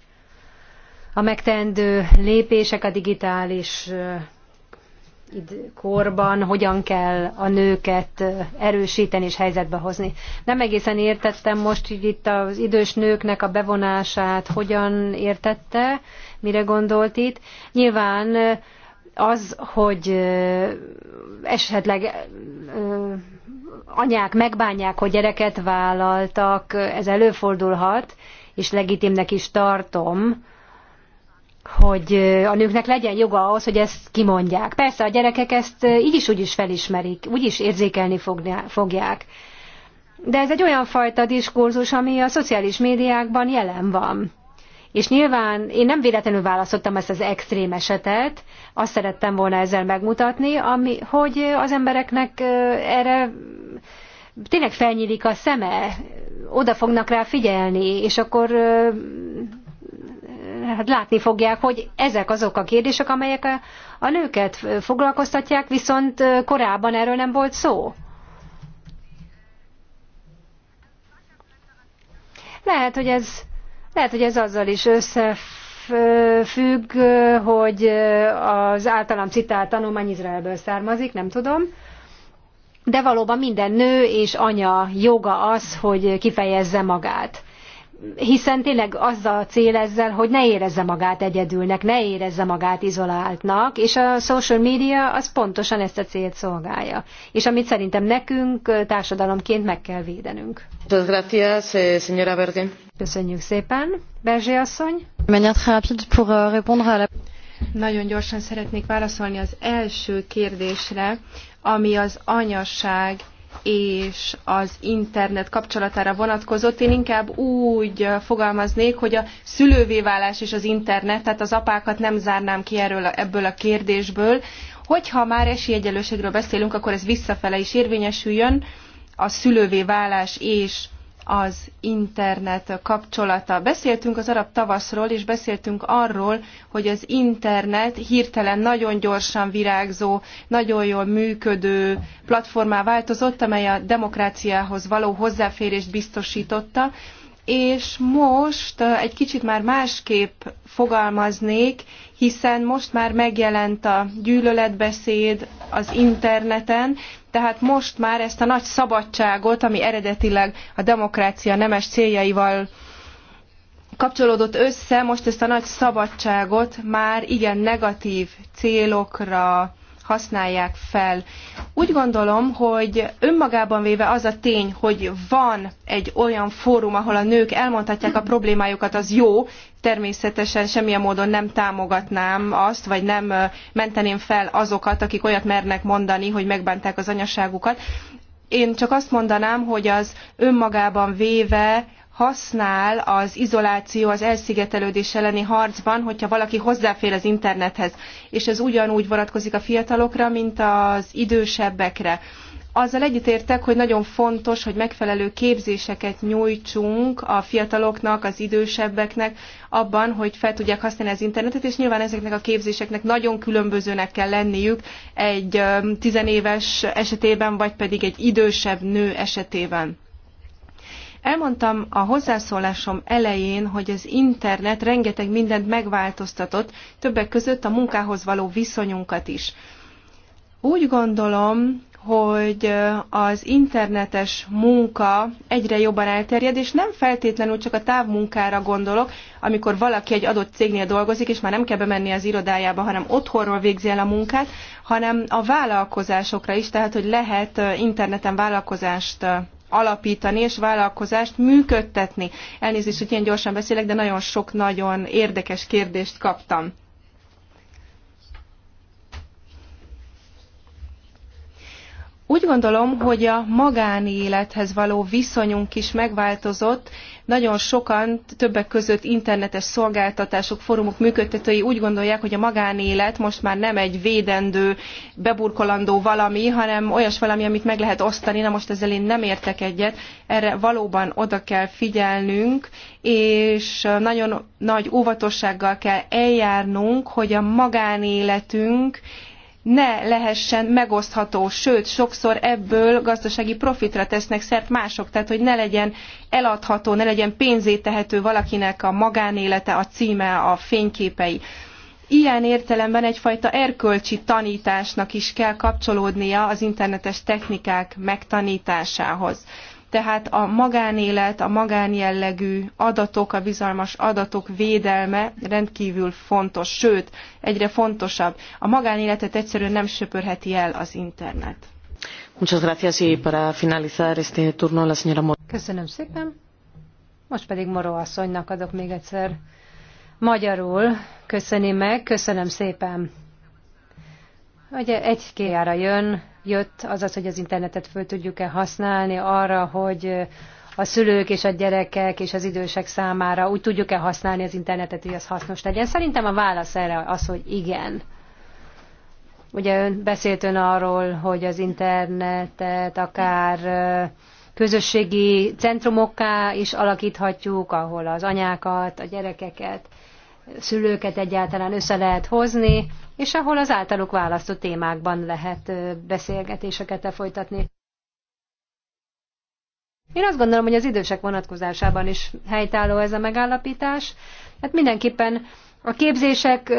a megtendő lépések a digitális korban hogyan kell a nőket erősíteni és helyzetbe hozni. Nem egészen értettem most, hogy itt az idős nőknek a bevonását hogyan értette, mire gondolt itt. Nyilván az, hogy esetleg anyák megbánják, hogy gyereket vállaltak, ez előfordulhat, és legitimnek is tartom, hogy a nőknek legyen joga ahhoz, hogy ezt kimondják. Persze a gyerekek ezt így is úgy is felismerik, úgy is érzékelni fogják. De ez egy olyan fajta diskurzus, ami a szociális médiákban jelen van. És nyilván én nem véletlenül választottam ezt az extrém esetet, azt szerettem volna ezzel megmutatni, ami, hogy az embereknek erre tényleg felnyílik a szeme, oda fognak rá figyelni, és akkor hát látni fogják, hogy ezek azok a kérdések, amelyek a, a nőket foglalkoztatják, viszont korábban erről nem volt szó. Lehet, hogy ez, lehet, hogy ez azzal is összefügg, hogy az általam citált tanulmány Izraelből származik, nem tudom. De valóban minden nő és anya joga az, hogy kifejezze magát hiszen tényleg az a cél ezzel, hogy ne érezze magát egyedülnek, ne érezze magát izoláltnak, és a social media az pontosan ezt a célt szolgálja, és amit szerintem nekünk társadalomként meg kell védenünk. Eh, Köszönjük szépen, Berzsé asszony. Euh, Nagyon gyorsan szeretnék válaszolni az első kérdésre, ami az anyaság és az internet kapcsolatára vonatkozott, én inkább úgy fogalmaznék, hogy a szülővé válás és az internet, tehát az apákat nem zárnám ki erről, ebből a kérdésből. Hogyha már esélyegyelőségről beszélünk, akkor ez visszafele is érvényesüljön, a szülővé válás és az internet kapcsolata. Beszéltünk az arab tavaszról, és beszéltünk arról, hogy az internet hirtelen nagyon gyorsan virágzó, nagyon jól működő platformá változott, amely a demokráciához való hozzáférést biztosította, és most eh, egy kicsit már másképp fogalmaznék, hiszen most már megjelent a gyűlöletbeszéd az interneten, tehát most már ezt a nagy szabadságot, ami eredetileg a demokrácia nemes céljaival kapcsolódott össze, most ezt a nagy szabadságot már igen negatív célokra, használják fel. Úgy gondolom, hogy önmagában véve az a tény, hogy van egy olyan fórum, ahol a nők elmondhatják a problémájukat, az jó, természetesen semmilyen módon nem támogatnám azt, vagy nem menteném fel azokat, akik olyat mernek mondani, hogy megbánták az anyaságukat. Én csak azt mondanám, hogy az önmagában véve használ az izoláció, az elszigetelődés elleni harcban, hogyha valaki hozzáfér az internethez. És ez ugyanúgy vonatkozik a fiatalokra, mint az idősebbekre. Azzal egyetértek, hogy nagyon fontos, hogy megfelelő képzéseket nyújtsunk a fiataloknak, az idősebbeknek abban, hogy fel tudják használni az internetet, és nyilván ezeknek a képzéseknek nagyon különbözőnek kell lenniük egy tizenéves esetében, vagy pedig egy idősebb nő esetében. Elmondtam a hozzászólásom elején, hogy az internet rengeteg mindent megváltoztatott, többek között a munkához való viszonyunkat is. Úgy gondolom, hogy az internetes munka egyre jobban elterjed, és nem feltétlenül csak a távmunkára gondolok, amikor valaki egy adott cégnél dolgozik, és már nem kell bemenni az irodájába, hanem otthonról végzi el a munkát, hanem a vállalkozásokra is, tehát hogy lehet interneten vállalkozást alapítani és vállalkozást működtetni. Elnézést, hogy ilyen gyorsan beszélek, de nagyon sok nagyon érdekes kérdést kaptam. Úgy gondolom, hogy a magánélethez való viszonyunk is megváltozott, nagyon sokan, többek között internetes szolgáltatások, fórumok működtetői úgy gondolják, hogy a magánélet most már nem egy védendő, beburkolandó valami, hanem olyas valami, amit meg lehet osztani. Na most ezzel én nem értek egyet. Erre valóban oda kell figyelnünk, és nagyon nagy óvatossággal kell eljárnunk, hogy a magánéletünk ne lehessen megosztható, sőt, sokszor ebből gazdasági profitra tesznek szert mások, tehát hogy ne legyen eladható, ne legyen pénzét tehető valakinek a magánélete, a címe, a fényképei. Ilyen értelemben egyfajta erkölcsi tanításnak is kell kapcsolódnia az internetes technikák megtanításához tehát a magánélet, a magánjellegű adatok, a bizalmas adatok védelme rendkívül fontos, sőt, egyre fontosabb. A magánéletet egyszerűen nem söpörheti el az internet. Muchas gracias y para finalizar este turno la señora Moro. Köszönöm szépen. Most pedig Moró asszonynak adok még egyszer magyarul. Köszöni meg, köszönöm szépen. Ugye egy kiára jön, jött, azaz, hogy az internetet föl tudjuk-e használni arra, hogy a szülők és a gyerekek és az idősek számára úgy tudjuk-e használni az internetet, hogy az hasznos legyen. Szerintem a válasz erre az, hogy igen. Ugye ön beszélt ön arról, hogy az internetet akár közösségi centrumokká is alakíthatjuk, ahol az anyákat, a gyerekeket szülőket egyáltalán össze lehet hozni, és ahol az általuk választott témákban lehet beszélgetéseket lefolytatni. Én azt gondolom, hogy az idősek vonatkozásában is helytálló ez a megállapítás. Hát mindenképpen a képzések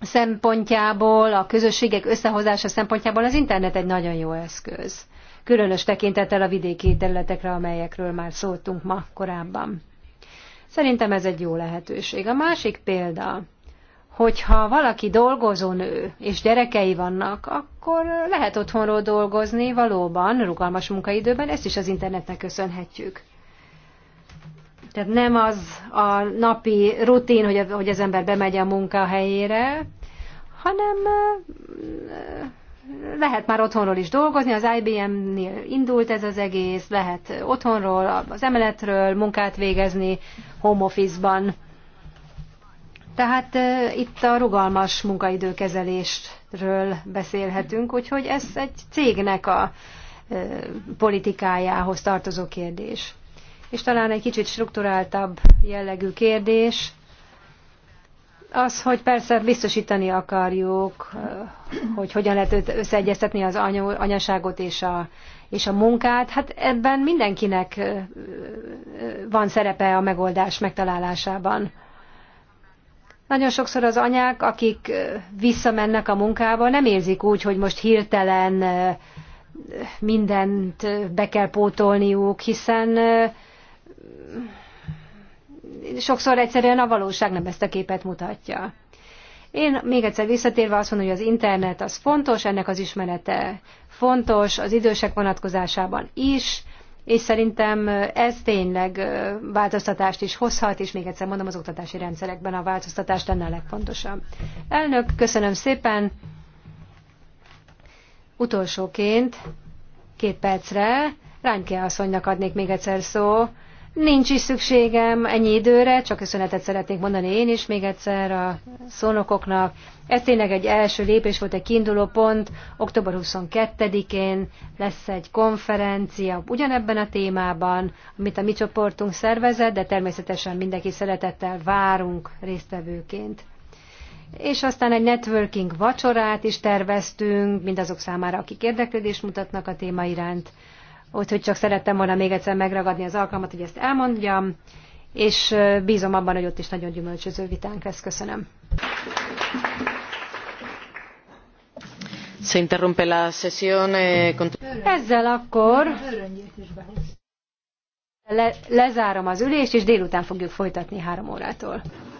szempontjából, a közösségek összehozása szempontjából az internet egy nagyon jó eszköz. Különös tekintettel a vidéki területekre, amelyekről már szóltunk ma korábban. Szerintem ez egy jó lehetőség. A másik példa, hogyha valaki dolgozónő és gyerekei vannak, akkor lehet otthonról dolgozni valóban, rugalmas munkaidőben, ezt is az internetnek köszönhetjük. Tehát nem az a napi rutin, hogy, hogy az ember bemegy a munkahelyére, hanem lehet már otthonról is dolgozni, az IBM-nél indult ez az egész, lehet otthonról, az emeletről munkát végezni, home office-ban. Tehát uh, itt a rugalmas munkaidőkezelésről beszélhetünk, úgyhogy ez egy cégnek a uh, politikájához tartozó kérdés. És talán egy kicsit strukturáltabb jellegű kérdés, az, hogy persze biztosítani akarjuk, hogy hogyan lehet összeegyeztetni az anyaságot és a, és a munkát, hát ebben mindenkinek van szerepe a megoldás megtalálásában. Nagyon sokszor az anyák, akik visszamennek a munkába, nem érzik úgy, hogy most hirtelen mindent be kell pótolniuk, hiszen sokszor egyszerűen a valóság nem ezt a képet mutatja. Én még egyszer visszatérve azt mondom, hogy az internet az fontos, ennek az ismerete fontos, az idősek vonatkozásában is, és szerintem ez tényleg változtatást is hozhat, és még egyszer mondom, az oktatási rendszerekben a változtatás lenne a legfontosabb. Elnök, köszönöm szépen. Utolsóként két percre Ránke asszonynak adnék még egyszer szó, Nincs is szükségem ennyi időre, csak köszönetet szeretnék mondani én is még egyszer a szónokoknak. Ez tényleg egy első lépés volt, egy kiinduló pont. Október 22-én lesz egy konferencia ugyanebben a témában, amit a mi csoportunk szervezett, de természetesen mindenki szeretettel várunk résztvevőként. És aztán egy networking vacsorát is terveztünk, mindazok számára, akik érdeklődést mutatnak a téma iránt Úgyhogy csak szerettem volna még egyszer megragadni az alkalmat, hogy ezt elmondjam, és bízom abban, hogy ott is nagyon gyümölcsöző vitánk lesz. Köszönöm. Se interrumpe la sesión. Eh, Ezzel akkor le, lezárom az ülést, és délután fogjuk folytatni három órától.